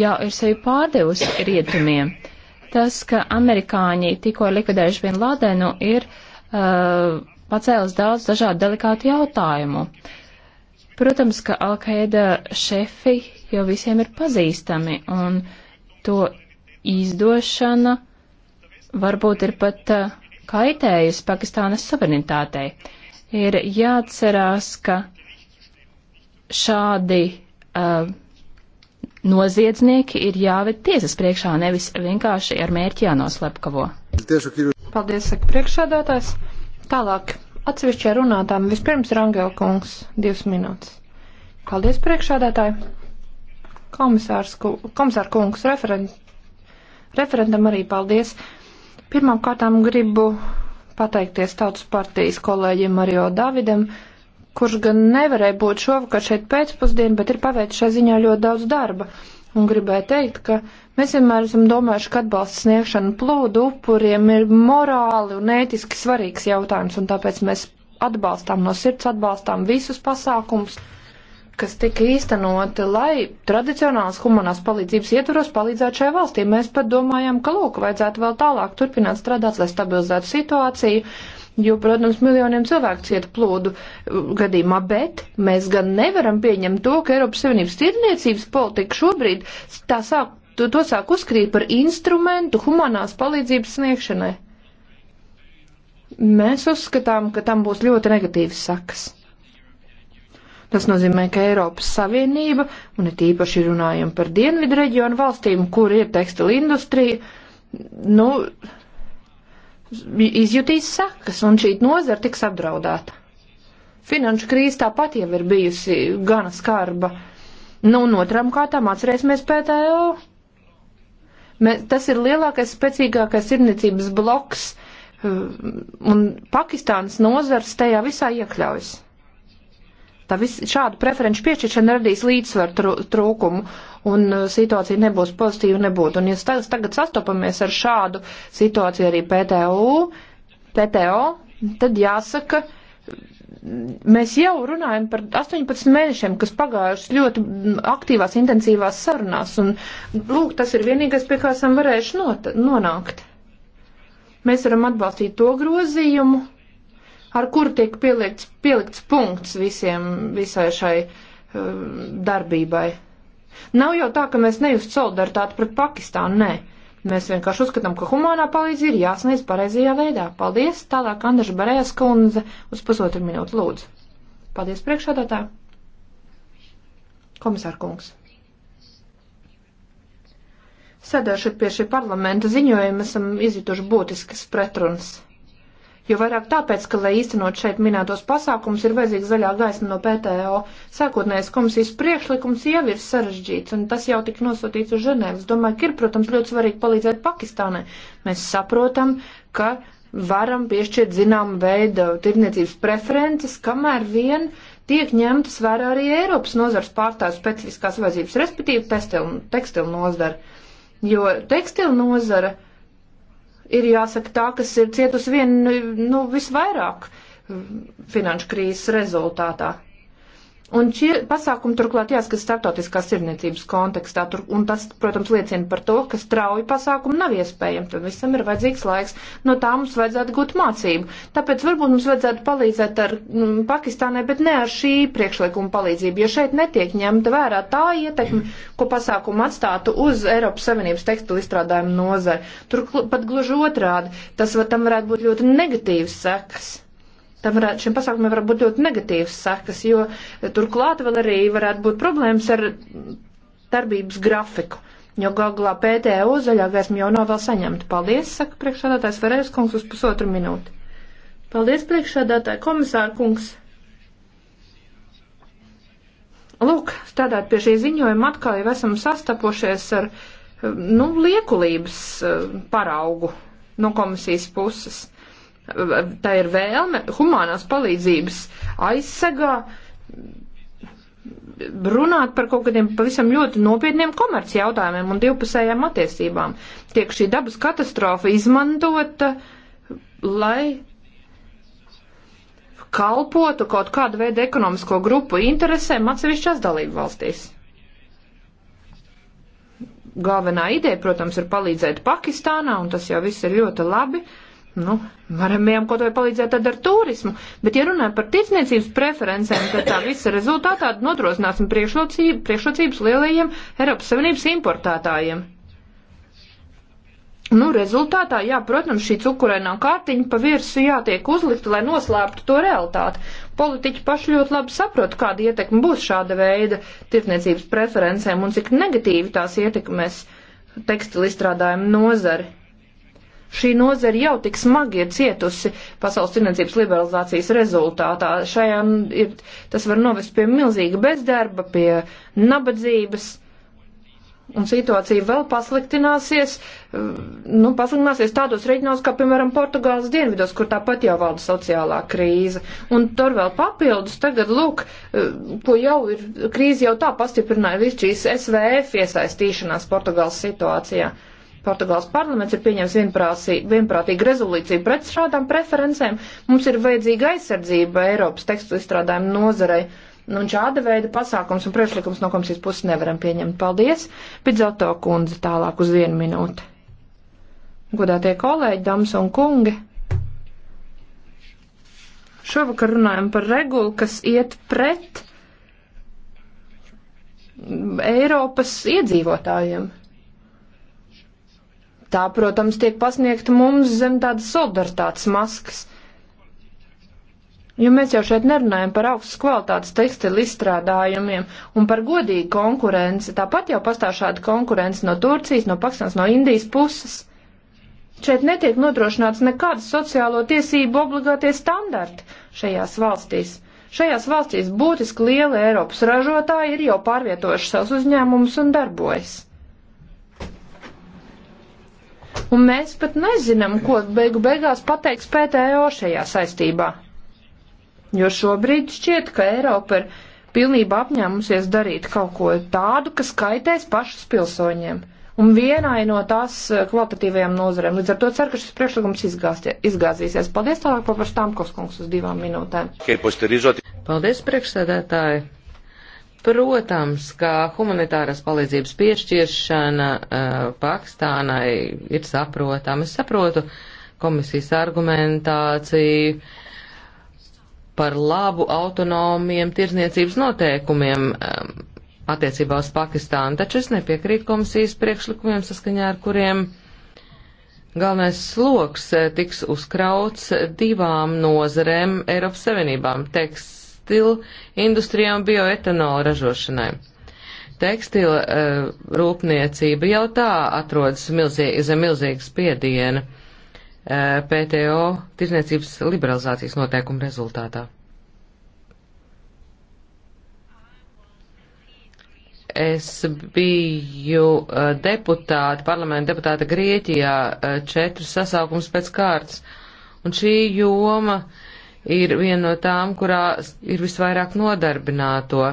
jau ir sevi pārdevusi rietumiem. Tas, ka amerikāņi tikko ir likvidējuši Bin Ladenu, ir uh, pacēlis daudz dažādu delikātu jautājumu. Protams, ka Alkaida šefi jau visiem ir pazīstami, un to izdošana varbūt ir pat uh, kaitējusi Pakistānas suverenitātei. Ir jāatcerās, ka šādi uh, noziedznieki ir jāved tiesas priekšā, nevis vienkārši ar mērķi jānoslepkavo. Paldies, saka priekšādātājs. Tālāk, atsevišķie runātājiem vispirms Rangelkungs, divas minūtes. Paldies, priekšādātāji. Komisārs, komisār kungs, referent, referentam arī paldies. Pirmkārtām gribu pateikties Tautas partijas kolēģim Mario Davidam kurš gan nevarēja būt šovakar šeit pēcpusdien, bet ir paveicis šai ziņā ļoti daudz darba. Un gribēju teikt, ka mēs vienmēr esam domājuši, ka atbalsts sniegšana plūdu upuriem ir morāli un ētiski svarīgs jautājums, un tāpēc mēs atbalstām no sirds, atbalstām visus pasākumus, kas tika īstenoti, lai tradicionālās humanās palīdzības ietvaros palīdzētu šai valstī. Mēs pat domājam, ka lūk, vajadzētu vēl tālāk turpināt strādāt, lai stabilizētu situāciju jo, protams, miljoniem cilvēku cieta plūdu gadījumā, bet mēs gan nevaram pieņemt to, ka Eiropas Savienības tirniecības politika šobrīd tā sāk, to, to sāk uzskrīt par instrumentu humanās palīdzības sniegšanai. Mēs uzskatām, ka tam būs ļoti negatīvas sakas. Tas nozīmē, ka Eiropas Savienība, un it īpaši runājam par dienvidu reģionu valstīm, kur ir tekstila industrija, nu, izjutīs sekas, un šī nozara tiks apdraudēta. Finanšu krīze tāpat jau ir bijusi gana skarba. Nu, un otram kārtām atcerēsimies PTO. Mē, tas ir lielākais, spēcīgākais irniecības bloks, uh, un Pakistānas nozars tajā visā iekļaujas. Tā vis, šādu preferenču piešķiršana radīs līdzsvaru trūkumu un uh, situācija nebūs pozitīva nebūtu. Un ja tagad sastopamies ar šādu situāciju arī PTU, PTO, tad jāsaka, mēs jau runājam par 18 mēnešiem, kas pagājuši ļoti aktīvās, intensīvās sarunās, un lūk, tas ir vienīgais, pie kā esam varējuši not, nonākt. Mēs varam atbalstīt to grozījumu, ar kuru tiek pielikts, pielikts punkts visiem, visai šai uh, darbībai. Nav jau tā, ka mēs nejust solidaritāti pret Pakistānu, nē. Mēs vienkārši uzskatām, ka humānā palīdzība ir jāsniedz pareizajā veidā. Paldies, tālāk Andraša Barējas kundze uz pusotru minūtu lūdzu. Paldies priekšādātā. Komisār kungs. Sēdēšot pie šī parlamenta ziņojuma, esam izjutuši būtiskas pretrunas Jo vairāk tāpēc, ka, lai īstenot šeit minētos pasākums, ir vajadzīga zaļā gaisma no PTO. Sākotnējais komisijas priekšlikums jau ir sarežģīts, un tas jau tika nosūtīts uz Ženēvas. Domāju, ka ir, protams, ļoti svarīgi palīdzēt Pakistānai. Mēs saprotam, ka varam piešķirt zinām veidu tirniecības preferences, kamēr vien tiek ņemtas vērā arī Eiropas nozars pārstāvju specifiskās vajadzības, respektīvi tekstilu nozara. Jo tekstilu nozara ir jāsaka tā, kas ir cietusi vien, nu, visvairāk finanšu krīzes rezultātā. Un šie pasākumi turklāt jāskatās starptautiskās sirdniecības kontekstā, tur, un tas, protams, liecina par to, ka strauji pasākumi nav iespējami, tad visam ir vajadzīgs laiks. No tā mums vajadzētu gūt mācību. Tāpēc varbūt mums vajadzētu palīdzēt ar mm, Pakistānai, bet ne ar šī priekšlikuma palīdzību, jo šeit netiek ņemta vērā tā ietekme, ko pasākumu atstātu uz Eiropas Savienības tekstilu izstrādājumu nozari. Turpat gluži otrādi, tas var tam varētu būt ļoti negatīvs sekas. Tam varētu, šim pasākumam var būt ļoti negatīvas sekas, jo turklāt vēl arī varētu būt problēmas ar darbības grafiku. Jo galā PTO zaļā gaisma jau nav vēl saņemta. Paldies, saka priekšādātājs Varēs kungs uz pusotru minūti. Paldies, priekšādātāji komisāra kungs. Lūk, strādāt pie šī ziņojuma atkal jau esam sastapušies ar, nu, liekulības eh, paraugu no komisijas puses tā ir vēlme humanās palīdzības aizsegā runāt par kaut kādiem pavisam ļoti nopietniem komerci jautājumiem un divpusējām attiecībām. Tiek šī dabas katastrofa izmantota, lai kalpotu kaut kādu veidu ekonomisko grupu interesēm atsevišķās dalību valstīs. Galvenā ideja, protams, ir palīdzēt Pakistānā, un tas jau viss ir ļoti labi. Uh, Nu, varam viņam kaut vai palīdzēt tad ar turismu, bet ja runājam par tirdzniecības preferencēm, tad tā visa rezultātā nodrošināsim priekšrocības lielajiem Eiropas Savienības importētājiem. Nu, rezultātā, jā, protams, šī cukurainā kārtiņa pa virsu jātiek uzlikta, lai noslēptu to realitāti. Politiķi paši ļoti labi saprot, kāda ietekme būs šāda veida tirdzniecības preferencēm un cik negatīvi tās ietekmēs tekstilu izstrādājumu nozari. Šī nozara jau tik smagi ir cietusi pasaules tirdzniecības liberalizācijas rezultātā. Šajā ir, tas var novest pie milzīga bezdarba, pie nabadzības. Un situācija vēl pasliktināsies, mm, nu, pasliktināsies tādos reģionos, kā, piemēram, Portugāles dienvidos, kur tāpat jau valda sociālā krīze. Un tur vēl papildus tagad, lūk, mm, ko jau ir, krīze jau tā pastiprināja visu šīs SVF iesaistīšanās Portugāles situācijā. Uh, Portugāles parlaments ir pieņems vienprātīgu rezolīciju pret šādām preferencēm. Mums ir vajadzīga aizsardzība Eiropas tekstu izstrādājumu nozarei. Nu, un šāda veida pasākums un priekšlikums no komisijas puses nevaram pieņemt. Paldies. Pidzoto kundze tālāk uz vienu minūti. Godātie kolēģi, dāmas un kungi. Šovakar runājam par regulu, kas iet pret Eiropas iedzīvotājiem. Tā, protams, tiek pasniegta mums zem tādas solidaritātes maskas. Jo mēs jau šeit nerunājam par augstas kvalitātes tekstilu izstrādājumiem un par godīgu konkurenci. Tāpat jau pastāv šāda konkurence no Turcijas, no Pakistānas, no Indijas puses. Šeit netiek nodrošināts nekādas sociālo tiesību obligātie standarti šajās valstīs. Šajās valstīs būtiski liela Eiropas ražotāji ir jau pārvietojuši savus uzņēmumus un darbojas un mēs pat nezinām, ko beigu beigās pateiks PTO šajā saistībā. Jo šobrīd šķiet, ka Eiropa ir pilnībā apņēmusies darīt kaut ko tādu, kas kaitēs pašus pilsoņiem un vienai no tās eh, kvalitatīvajām nozarēm. Līdz ar to ceru, ka šis priekšlikums izgāzie, izgāzīsies. Paldies tālāk par Stāmkos kungs uz divām minūtēm. Paldies, priekšsēdētāji! Protams, ka humanitāras palīdzības piešķiršana uh, Pakistānai ir saprotama. Es saprotu komisijas argumentāciju par labu autonomiem tirzniecības noteikumiem um, attiecībā uz Pakistānu, taču es nepiekrītu komisijas priekšlikumiem, saskaņā ar kuriem galvenais sloks eh, tiks uzkrauts divām nozarēm Eiropas Savienībām. Teks tekstilu industrijai un bioetanola ražošanai. Tekstila uh, rūpniecība jau tā atrodas milzīgi, zem milzīgas spiediena uh, eh, PTO tirzniecības liberalizācijas noteikumu rezultātā. es biju uh, eh, deputāta, parlamenta deputāta Grieķijā uh, četras sasaukums pēc kārtas. Un šī joma ir viena no tām, kurā ir visvairāk nodarbināto.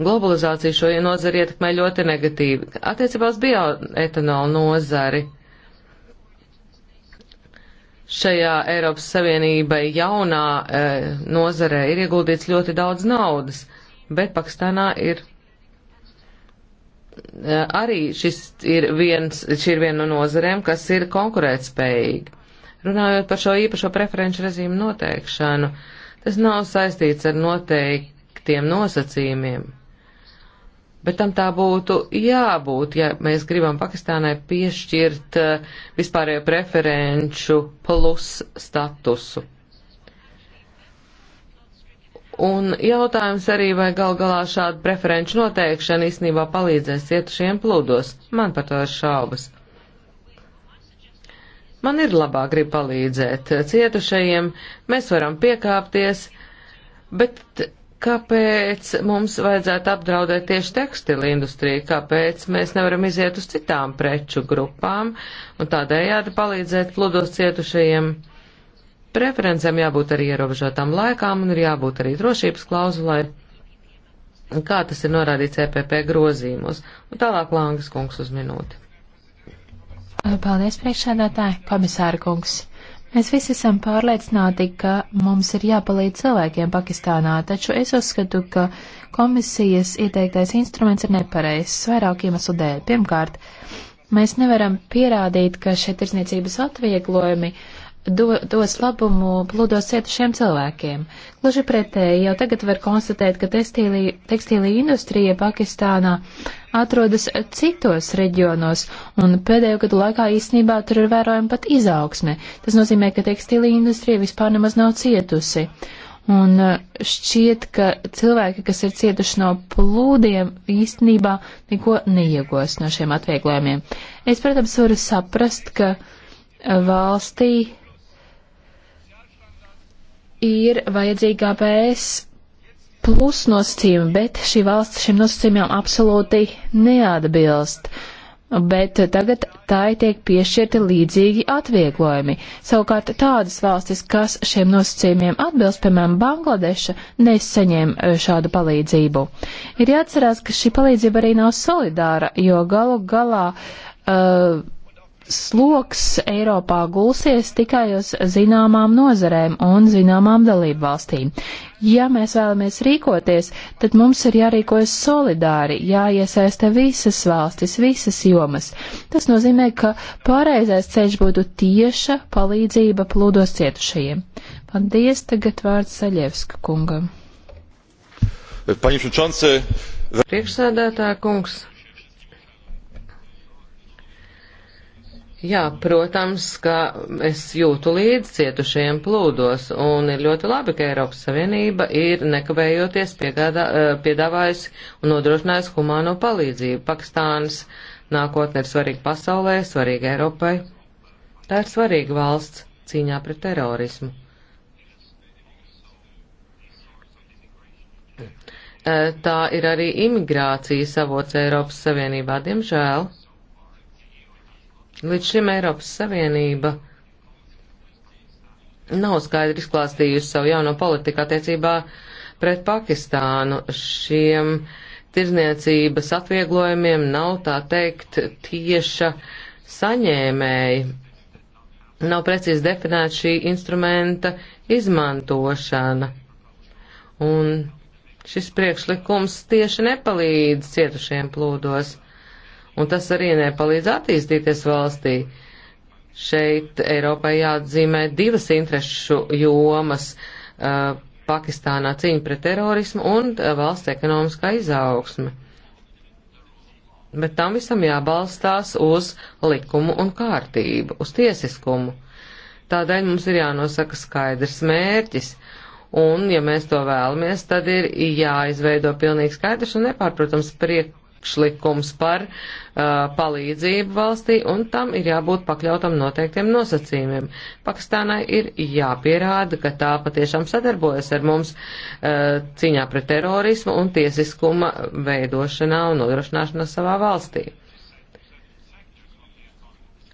Globalizācija šo nozari ietekmē ļoti negatīvi. Attiecībā uz bioetanolu nozari šajā Eiropas Savienībai jaunā e, nozarē ir ieguldīts ļoti daudz naudas, bet Pakistānā ir e, arī šis ir viens, šī ir viena no nozarēm, kas ir konkurētspējīga. Runājot par šo īpašo preferenču režīmu noteikšanu, tas nav saistīts ar noteiktiem nosacījumiem, bet tam tā būtu jābūt, ja mēs gribam Pakistānai piešķirt eh, vispārējo preferenču plus statusu. Un jautājums arī, vai gal galā šāda preferenču noteikšana īstenībā palīdzēs iet šiem plūdos. Man par to ir šaubas. Man ir labā grib palīdzēt cietušajiem, mēs varam piekāpties, bet kāpēc mums vajadzētu apdraudēt tieši tekstilu industriju, kāpēc mēs nevaram iziet uz citām preču grupām un tādējādi palīdzēt pludos cietušajiem? Preferencēm jābūt arī ierobežotām laikām un ir jābūt arī drošības klauzulai, kā tas ir norādīts EPP grozīmos. Un tālāk Langas kungs uz minūti. Paldies, priekšsēdētāji, komisāra kungs. Mēs visi esam pārliecināti, ka mums ir jāpalīdz cilvēkiem Pakistānā, taču es uzskatu, ka komisijas ieteiktais instruments ir nepareizs vairāk iemeslu dēļ. Pirmkārt, mēs nevaram pierādīt, ka šie tirsniecības atvieglojumi do, dos labumu plūdos cietušiem cilvēkiem. Gluži pretēji, jau tagad var konstatēt, ka tekstīlī, tekstīlī industrija Pakistānā atrodas citos reģionos, un pēdējo gadu laikā īstenībā tur ir vērojama pat izaugsme. Tas nozīmē, ka tekstīla industrija vispār nemaz nav cietusi. Un uh, šķiet, ka cilvēki, kas ir cietuši no plūdiem, īstenībā neko neiegos no šiem atvieglojumiem. Es, protams, varu saprast, ka uh, valstī ir vajadzīga ABS plus nosacījumi, bet šī valsts šiem nosacījumiem absolūti neatbilst. Bet tagad tai tiek piešķirti līdzīgi atvieglojumi. Savukārt tādas valstis, kas šiem nosacījumiem atbilst, piemēram, Bangladeša, nesaņēma e, šādu palīdzību. Ir jāatcerās, ka šī palīdzība arī nav solidāra, jo galu galā uh, sloks Eiropā gulsies tikai uz zināmām nozarēm un zināmām dalību valstīm. Ja mēs vēlamies rīkoties, tad mums ir jārīkojas solidāri, jāiesaista visas valstis, visas jomas. Tas nozīmē, ka pareizais ceļš būtu tieša palīdzība plūdos cietušajiem. Paldies, tagad vārds Saļevska kungam. Priekšsēdētāja kungs, Jā, protams, ka es jūtu līdz cietušajiem plūdos, un ir ļoti labi, ka Eiropas Savienība ir nekavējoties piegādā, eh, piedāvājusi un nodrošinājusi humāno palīdzību. Pakistānas nākotne ir svarīga pasaulē, svarīga Eiropai. Tā ir svarīga valsts cīņā pret terorismu. Eh, tā ir arī imigrācijas avots Eiropas Savienībā, diemžēl. Līdz šim Eiropas Savienība nav skaidri izklāstījusi savu jauno politiku attiecībā pret Pakistānu. Šiem tirzniecības atvieglojumiem nav tā teikt tieša saņēmēji. Nav precīzi definēta šī instrumenta izmantošana. Un šis priekšlikums tieši nepalīdz cietušiem plūdos un tas arī nepalīdz attīstīties valstī. Šeit Eiropai jāatzīmē divas interešu jomas uh, - Pakistānā cīņa pret terorismu un uh, valsts ekonomiskā izaugsme. Bet tam visam jābalstās uz likumu un kārtību, uz tiesiskumu. Tādēļ mums ir jānosaka skaidrs mērķis, un, ja mēs to vēlamies, tad ir jāizveido pilnīgi skaidrs un nepārprotams prieks priekšlikums par uh, palīdzību valstī, un tam ir jābūt pakļautam noteiktiem nosacījumiem. Pakistānai ir jāpierāda, ka tā patiešām sadarbojas ar mums uh, cīņā pret terorismu un tiesiskuma veidošanā un nodrošināšanā savā valstī.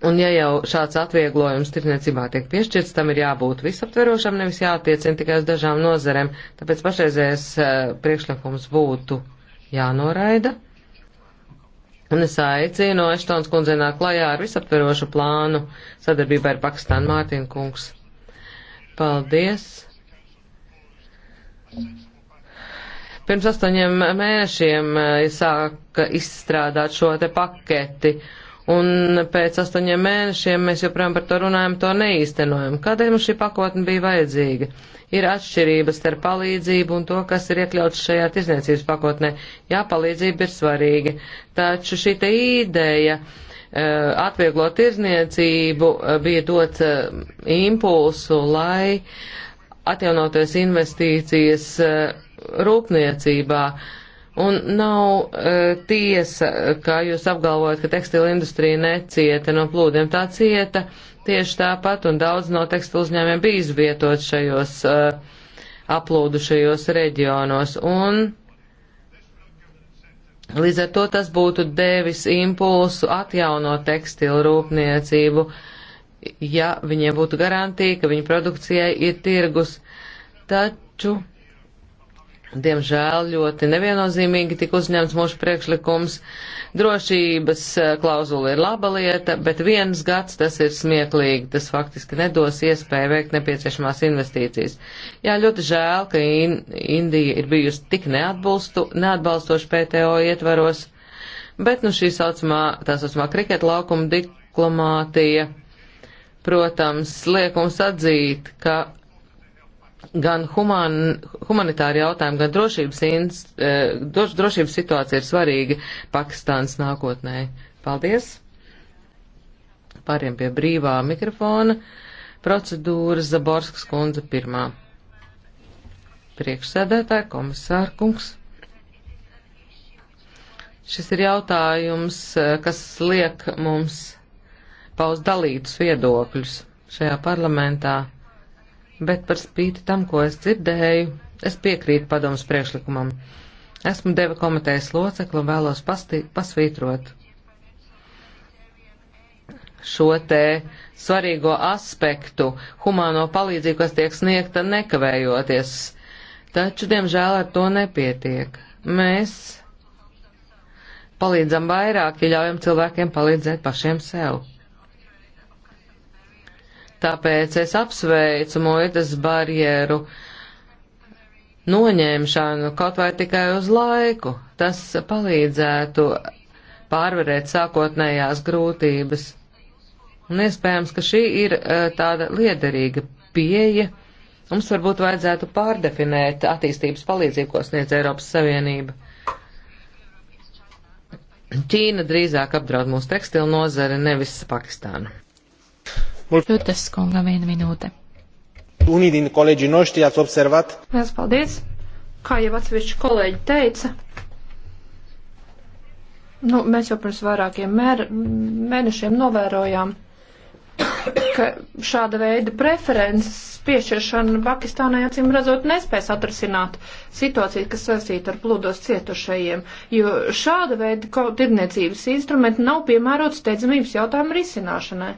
Un ja jau šāds atvieglojums tirniecībā tiek piešķirts, tam ir jābūt visaptverošam, nevis jātiecina tikai uz dažām nozerēm, tāpēc pašreizējais uh, priekšlikums būtu jānoraida. Un es aicinu Eštons kundze nāk klajā ar visaptverošu plānu sadarbībā ar Pakistānu Mārtiņu kungs. Paldies! Pirms astoņiem mēnešiem eh, sāka izstrādāt šo te paketi un pēc astoņiem mēnešiem mēs joprojām par to runājam, to neīstenojam. Kādēļ mums šī pakotne bija vajadzīga? Ir atšķirības starp palīdzību un to, kas ir iekļauts šajā tirzniecības pakotnē. Jā, palīdzība ir svarīga, taču šī te ideja eh, atvieglot tirzniecību eh, bija dot eh, impulsu, lai atjaunoties investīcijas rūpniecībā, uh, Un nav uh, tiesa, kā jūs apgalvojat, ka tekstila industrija necieta no plūdiem. Tā cieta tieši tāpat, un daudz no tekstila uzņēmiem bija izvietot šajos uh, aplūdušajos reģionos. Un līdz ar to tas būtu devis impulsu atjaunot tekstila rūpniecību, ja viņiem būtu garantīja, ka viņu produkcijai ir tirgus. Taču Diemžēl ļoti neviennozīmīgi tika uzņemts mūsu priekšlikums. Drošības eh, klauzula ir laba lieta, bet viens gads tas ir smieklīgi. Tas faktiski nedos iespēju veikt nepieciešamās investīcijas. Jā, ļoti žēl, ka in Indija ir bijusi tik neatbalstoša PTO ietvaros, bet nu šī saucamā, tā saucamā kriketa laukuma diplomātija, protams, liek mums atzīt, ka gan human, humanitāri jautājumi, gan drošības, inst, eh, droš, drošības situācija ir svarīga Pakistānas nākotnē. Paldies! Pāriem pie brīvā mikrofona. Procedūras Zaborskas kundze pirmā. Priekšsēdētāja komisārkungs. Šis ir jautājums, eh, kas liek mums paust dalītus viedokļus šajā parlamentā bet par spīti tam, ko es dzirdēju, es piekrītu padomus priekšlikumam. Esmu deva komitejas locekli un vēlos pastī, pasvītrot šo te svarīgo aspektu humāno palīdzību, kas tiek sniegta nekavējoties. Taču, diemžēl, ar to nepietiek. Mēs palīdzam vairāk, ja ļaujam cilvēkiem palīdzēt pašiem sev. Tāpēc es apsveicu muitas barjeru noņemšanu kaut vai tikai uz laiku. Tas palīdzētu pārvarēt sākotnējās grūtības. Un iespējams, ka šī ir e, tāda liederīga pieeja. Mums varbūt vajadzētu pārdefinēt attīstības palīdzību, ko sniedz Eiropas Savienība. Ķīna drīzāk apdraud mūsu tekstilu nozari, nevis Pakistānu. Jūtas kunga viena minūte. Unii din kolēģi nošķi ați observat. Mēs paldies. Kā jau atsevišķi kolēģi teica, nu, mēs jau pirms vairākiem mēr, mēnešiem novērojām, ka šāda veida preferences piešķiršana Pakistānai acīm redzot nespēs atrasināt situāciju, kas saistīta ar plūdos cietušajiem, jo šāda veida tirdzniecības instrumenti nav piemērots steidzamības jautājumu risināšanai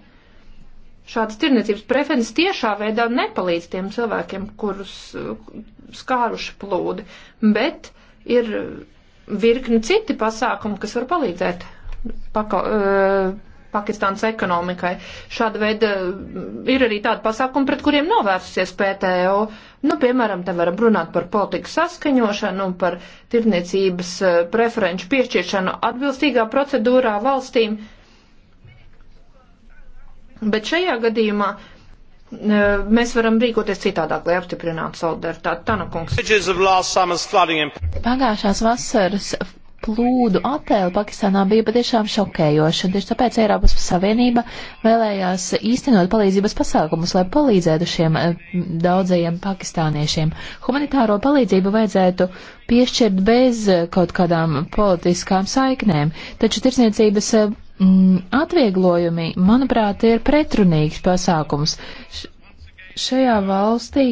šādas tirniecības preferences tiešā veidā nepalīdz tiem cilvēkiem, kurus uh, skāruši plūdi, bet ir virkni citi pasākumi, kas var palīdzēt paka, uh, Pakistānas ekonomikai. Šāda veida uh, ir arī tāda pasākuma, pret kuriem novērsusies PTO. Nu, piemēram, te varam runāt par politikas saskaņošanu, par tirniecības uh, preferenču piešķiršanu atbilstīgā procedūrā valstīm. Uh, Bet šajā gadījumā e, mēs varam rīkoties citādāk, lai apstiprinātu solidaritāti. Tanakungs. Pagājušās vasaras plūdu attēli Pakistānā bija patiešām šokējoši. Tieši tāpēc Eiropas Savienība vēlējās īstenot palīdzības pasākumus, lai palīdzētu šiem e, daudzajiem pakistāniešiem. Humanitāro palīdzību vajadzētu piešķirt bez e, kaut kādām politiskām saiknēm, taču tirsniecības Mm, atvieglojumi, manuprāt, ir pretrunīgs pasākums. Šajā valstī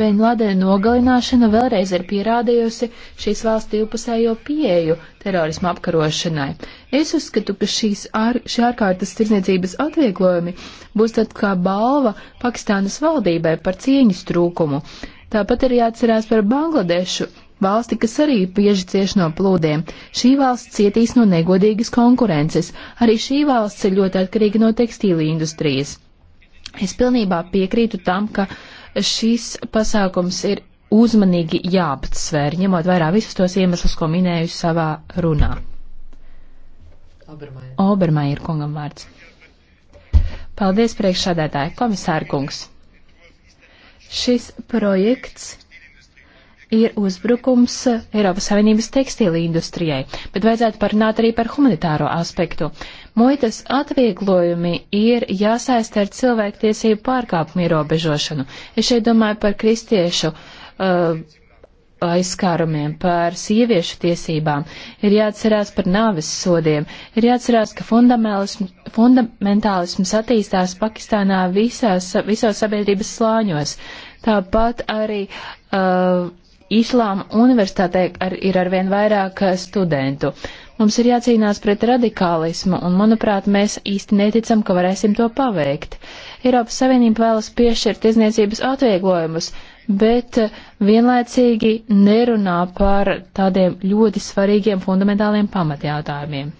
Beņladena nogalināšana vēlreiz ir pierādījusi šīs valsts divpusējo pieeju terorismu apkarošanai. Es uzskatu, ka šīs ār, šī ārkārtas tirzniecības atvieglojumi būs tad kā balva Pakistānas valdībai par cieņas trūkumu. Tāpat ir jāatcerās par Bangladešu, valsti, kas arī bieži cieši no plūdiem. Šī valsts cietīs no negodīgas konkurences. Arī šī valsts ir ļoti atkarīga no tekstīlī industrijas. Es pilnībā piekrītu tam, ka šis pasākums ir uzmanīgi jāapsver, ņemot vairāk visus tos iemeslus, ko minēju savā runā. Obermai ir kungam vārds. Paldies priekšsādētāji, komisāra kungs. Šis projekts ir uzbrukums Eiropas Savienības tekstīla industrijai, bet vajadzētu parunāt arī par humanitāro aspektu. Muitas atvieglojumi ir jāsaista ar cilvēktiesību pārkāpumu ierobežošanu. Es šeit domāju par kristiešu uh, aizskārumiem, par sieviešu tiesībām, ir jāatcerās par nāves sodiem, ir jāatcerās, ka fundamentālisms attīstās Pakistānā visās, visos sabiedrības slāņos. Tāpat arī uh, Islāma universitātē ar, ir arvien vairāk eh, studentu. Mums ir jācīnās pret radikālismu, un, manuprāt, mēs īsti neticam, ka varēsim to paveikt. Eiropas Savienība vēlas piešķirt izniecības atvieglojumus, bet eh, vienlaicīgi nerunā par tādiem ļoti svarīgiem fundamentāliem pamatjautājumiem.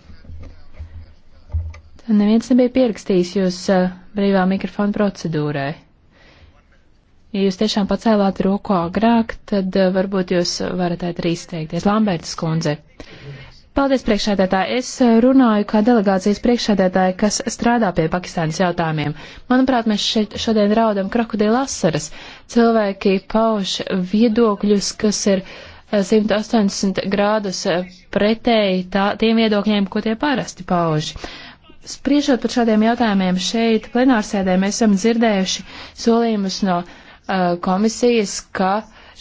Tad neviens nebija pierakstījis jūs eh, brīvā mikrofona procedūrai. Ja jūs tiešām pacēlāt roku agrāk, tad eh, varbūt jūs varat arī izteikties. Lambertas kundze. Paldies, priekšsēdētāji. Es eh, runāju kā delegācijas priekšsēdētāji, kas strādā pie Pakistānas jautājumiem. Manuprāt, mēs šeit šodien raudam krokodila asaras. Cilvēki pauž viedokļus, kas ir 180 eh, grādus pretēji tā, tiem viedokļiem, ko tie parasti pauž. Spriežot par šādiem jautājumiem šeit, plenārsēdē, mēs esam dzirdējuši solījumus no Uh, komisijas, ka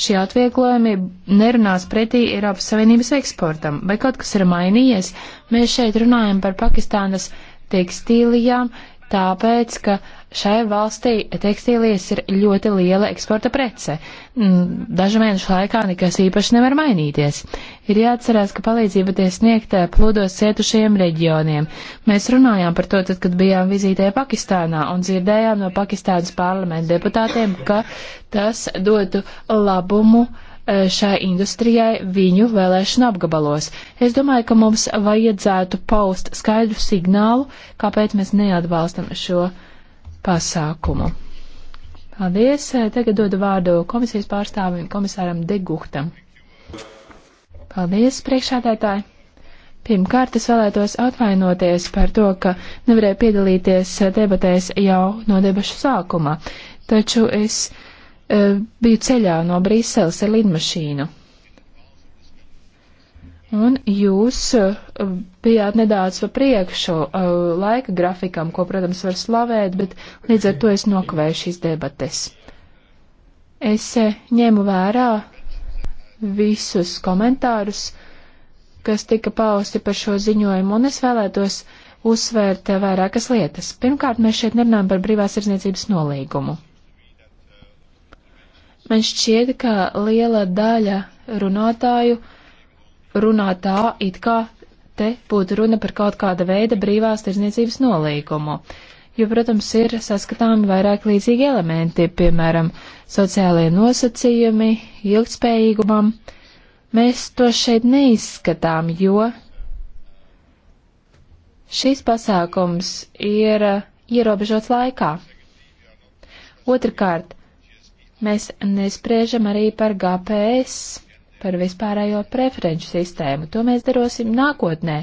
šie atvieglojumi nerunās pretī Eiropas Savienības eksportam. Vai kaut kas ir mainījies? Mēs šeit runājam par Pakistānas tekstīlijām, tāpēc, ka šai valstī tekstīlijas ir ļoti liela eksporta prece. Mm, dažu mēnešu laikā nekas īpaši nevar mainīties. Ir jāatcerās, ka palīdzība tiek sniegta plūdos cietušajiem reģioniem. Mēs runājām par to, tad, kad bijām vizītē Pakistānā un dzirdējām no Pakistānas parlamenta deputātiem, ka tas dotu labumu uh, Eh, šai industrijai viņu vēlēšanu apgabalos. Es domāju, ka mums vajadzētu paust skaidru signālu, kāpēc mēs neatbalstam šo pasākumu. Paldies. Eh, tagad dodu vārdu komisijas pārstāvim komisāram Deguhtam. Paldies, priekšādētāji. Pirmkārt, es vēlētos atvainoties par to, ka nevarēju piedalīties debatēs jau no debašu sākuma, taču es Eh, biju ceļā no Briseles ar lidmašīnu. Un jūs eh, bijāt nedaudz pa priekšu eh, laika grafikam, ko, protams, var slavēt, bet līdz ar to es nokavēju šīs debates. Es ņēmu vērā visus komentārus, kas tika pausti par šo ziņojumu, un es vēlētos uzsvērt vairākas lietas. Pirmkārt, mēs šeit nerunājam par brīvās arzniecības nolīgumu. Man šķiet, ka liela daļa runātāju runā tā, it kā te būtu runa par kaut kāda veida brīvās tirzniecības nolīgumu. Jo, protams, ir saskatāmi vairāk līdzīgi elementi, piemēram, sociālie nosacījumi, ilgtspējīgumam. Mēs to šeit neizskatām, jo šis pasākums ir ierobežots laikā. Otrakārt, Mēs nespriežam arī par GPS, par vispārējo preferenču sistēmu. To mēs darosim nākotnē.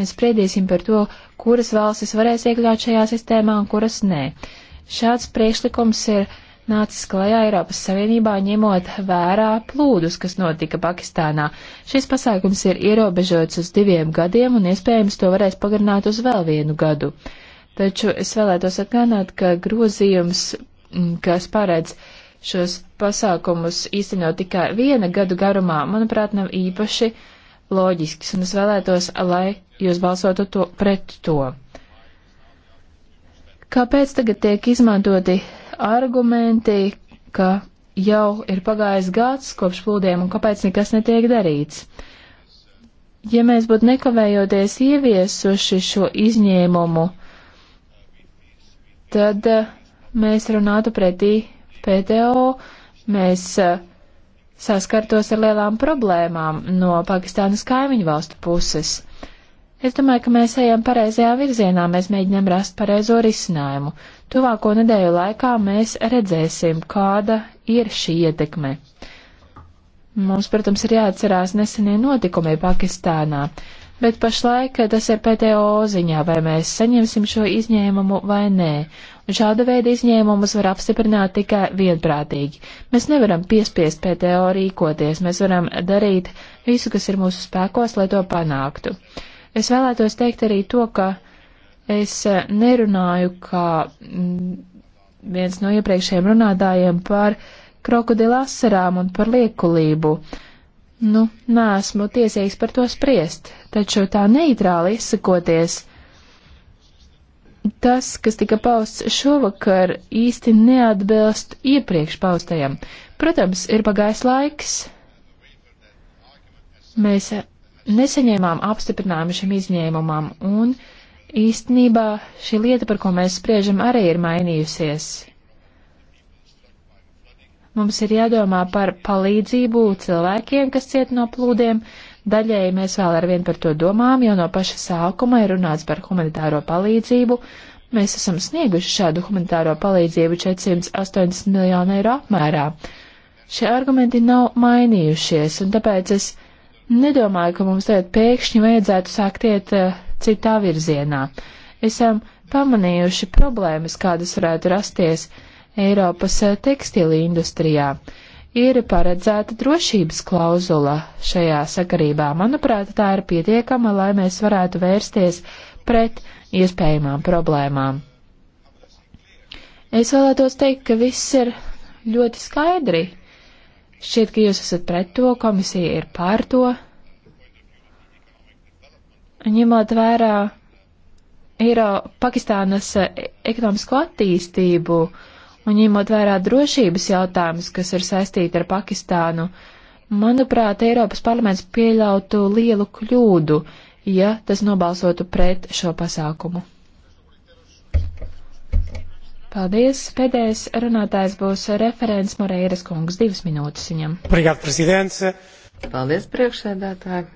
Mēs spriedīsim par to, kuras valstis varēs iekļaut šajā sistēmā un kuras nē. Šāds priekšlikums ir nācis klajā Eiropas Savienībā ņemot vērā plūdus, kas notika Pakistānā. Šis pasākums ir ierobežots uz diviem gadiem un iespējams to varēs pagarināt uz vēl vienu gadu. Taču es vēlētos atgādināt, ka grozījums, mm, kas paredz uh, šos pasākumus īstenot tikai viena gadu garumā, manuprāt, nav īpaši loģisks, un es vēlētos, lai jūs balsotu to pret to. Kāpēc tagad tiek izmantoti argumenti, ka jau ir pagājis gads kopš plūdiem un kāpēc nekas netiek darīts? Ja mēs būtu nekavējoties ieviesuši šo izņēmumu, tad mēs runātu pretī PDO, mēs eh, saskartos ar lielām problēmām no Pakistānas kaimiņu valstu puses. Es domāju, ka mēs ejam pareizajā virzienā, mēs mēģinām rast pareizo risinājumu. Tuvāko nedēļu laikā mēs redzēsim, kāda ir šī ietekme. Mums, protams, ir jāatcerās nesenie notikumi Pakistānā bet pašlaik tas ir PTO ziņā, vai mēs saņemsim šo izņēmumu vai nē. Un šāda veida izņēmumus var apstiprināt tikai vienprātīgi. Mēs nevaram piespiest PTO rīkoties, mēs varam darīt visu, kas ir mūsu spēkos, lai to panāktu. Es vēlētos teikt arī to, ka es nerunāju kā mm, viens no iepriekšējiem runātājiem par krokodila asarām un par liekulību. Nu, nē, esmu tiesīgs par to spriest taču tā neitrāli izsakoties, tas, kas tika pausts šovakar, īsti neatbilst iepriekš paustajam. Protams, ir pagājis laiks. Mēs nesaņēmām apstiprinājumu šim izņēmumam, un īstenībā šī lieta, par ko mēs spriežam, arī ir mainījusies. Mums ir jādomā par palīdzību cilvēkiem, kas ciet no plūdiem, Daļēji mēs vēl ar vienu par to domām, jo no paša sākuma ir runāts par humanitāro palīdzību. Mēs esam snieguši šādu humanitāro palīdzību 480 miljonu eiro apmērā. Šie argumenti nav mainījušies, un tāpēc es nedomāju, ka mums tagad pēkšņi vajadzētu sākt iet uh, citā virzienā. Esam pamanījuši problēmas, kādas varētu rasties Eiropas uh, eh, tekstīla industrijā. Uh, ir paredzēta drošības klauzula šajā sakarībā. Manuprāt, tā ir pietiekama, lai mēs varētu vērsties pret iespējamām problēmām. Es vēlētos teikt, ka viss ir ļoti skaidri. Šķiet, ka jūs esat pret to, komisija ir pār to. Ņemot vērā Eiro Pakistānas ekonomisko attīstību, uh, Un ņemot vērā drošības jautājumus, kas ir saistīti ar Pakistānu, manuprāt, Eiropas parlaments pieļautu lielu kļūdu, ja tas nobalsotu pret šo pasākumu. Paldies. Pēdējais runātājs būs referents Moreiras kungs. Divas minūtes viņam. Obrigāt, prezidents. Paldies, priekšsēdētāji.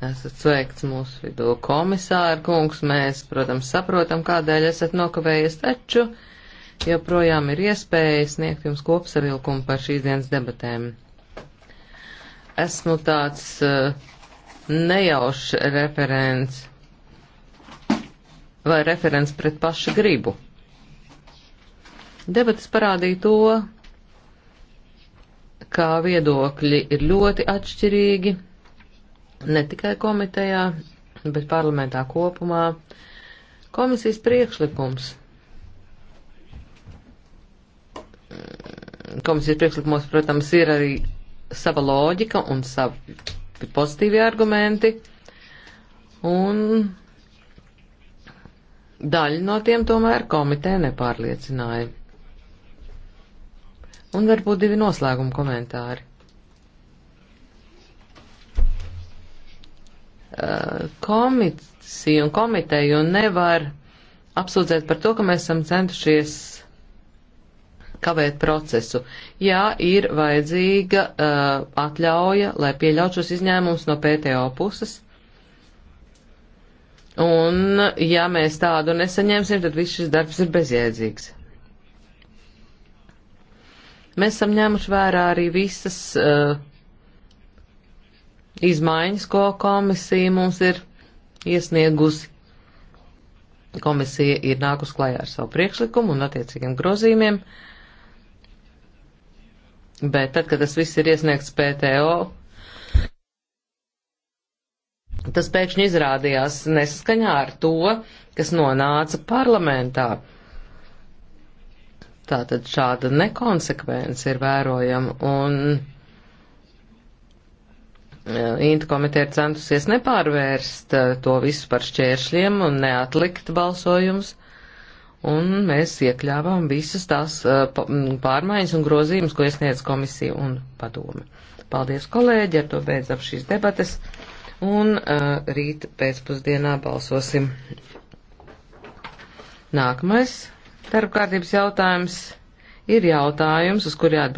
Esat sveikts mūsu vidū komisāra kungs. Mēs, protams, saprotam, kādēļ esat nokavējies, taču joprojām ir iespēja sniegt jums kopsavilkumu par šīs dienas debatēm. Esmu tāds uh, nejaušs referents vai referents pret pašu gribu. Debates parādīja to, kā viedokļi ir ļoti atšķirīgi, ne tikai komitejā, bet parlamentā kopumā. Komisijas priekšlikums. Komisijas priekšlikumos, protams, ir arī sava loģika un savi pozitīvi argumenti. Un daļa no tiem tomēr komiteja nepārliecināja. Un varbūt divi noslēguma komentāri. komisiju un komiteju nevar apsūdzēt par to, ka mēs esam centušies kavēt procesu. Jā, ir vajadzīga uh, atļauja, lai pieļaut šos izņēmumus no PTO puses. Un, ja mēs tādu nesaņemsim, tad viss šis darbs ir bezjēdzīgs. Mēs esam ņēmuši vērā arī visas uh, izmaiņas, ko komisija mums ir iesniegusi. Komisija ir nākus klajā ar savu priekšlikumu un attiecīgiem grozījumiem, bet tad, kad tas viss ir iesniegts PTO, tas pēkšņi izrādījās nesaskaņā ar to, kas nonāca parlamentā. Tātad šāda nekonsekvence ir vērojama un Eh, Inta komiteja ir centusies nepārvērst eh, to visu par šķēršļiem un neatlikt balsojums, un mēs iekļāvām visas tās eh, pārmaiņas un grozījumus, ko iesniedz komisija un padome. Paldies, kolēģi, ar to beidzam šīs debates, un uh, rīt pēcpusdienā balsosim. Nākamais darbkārtības jautājums ir jautājums, uz kuru jāatbild.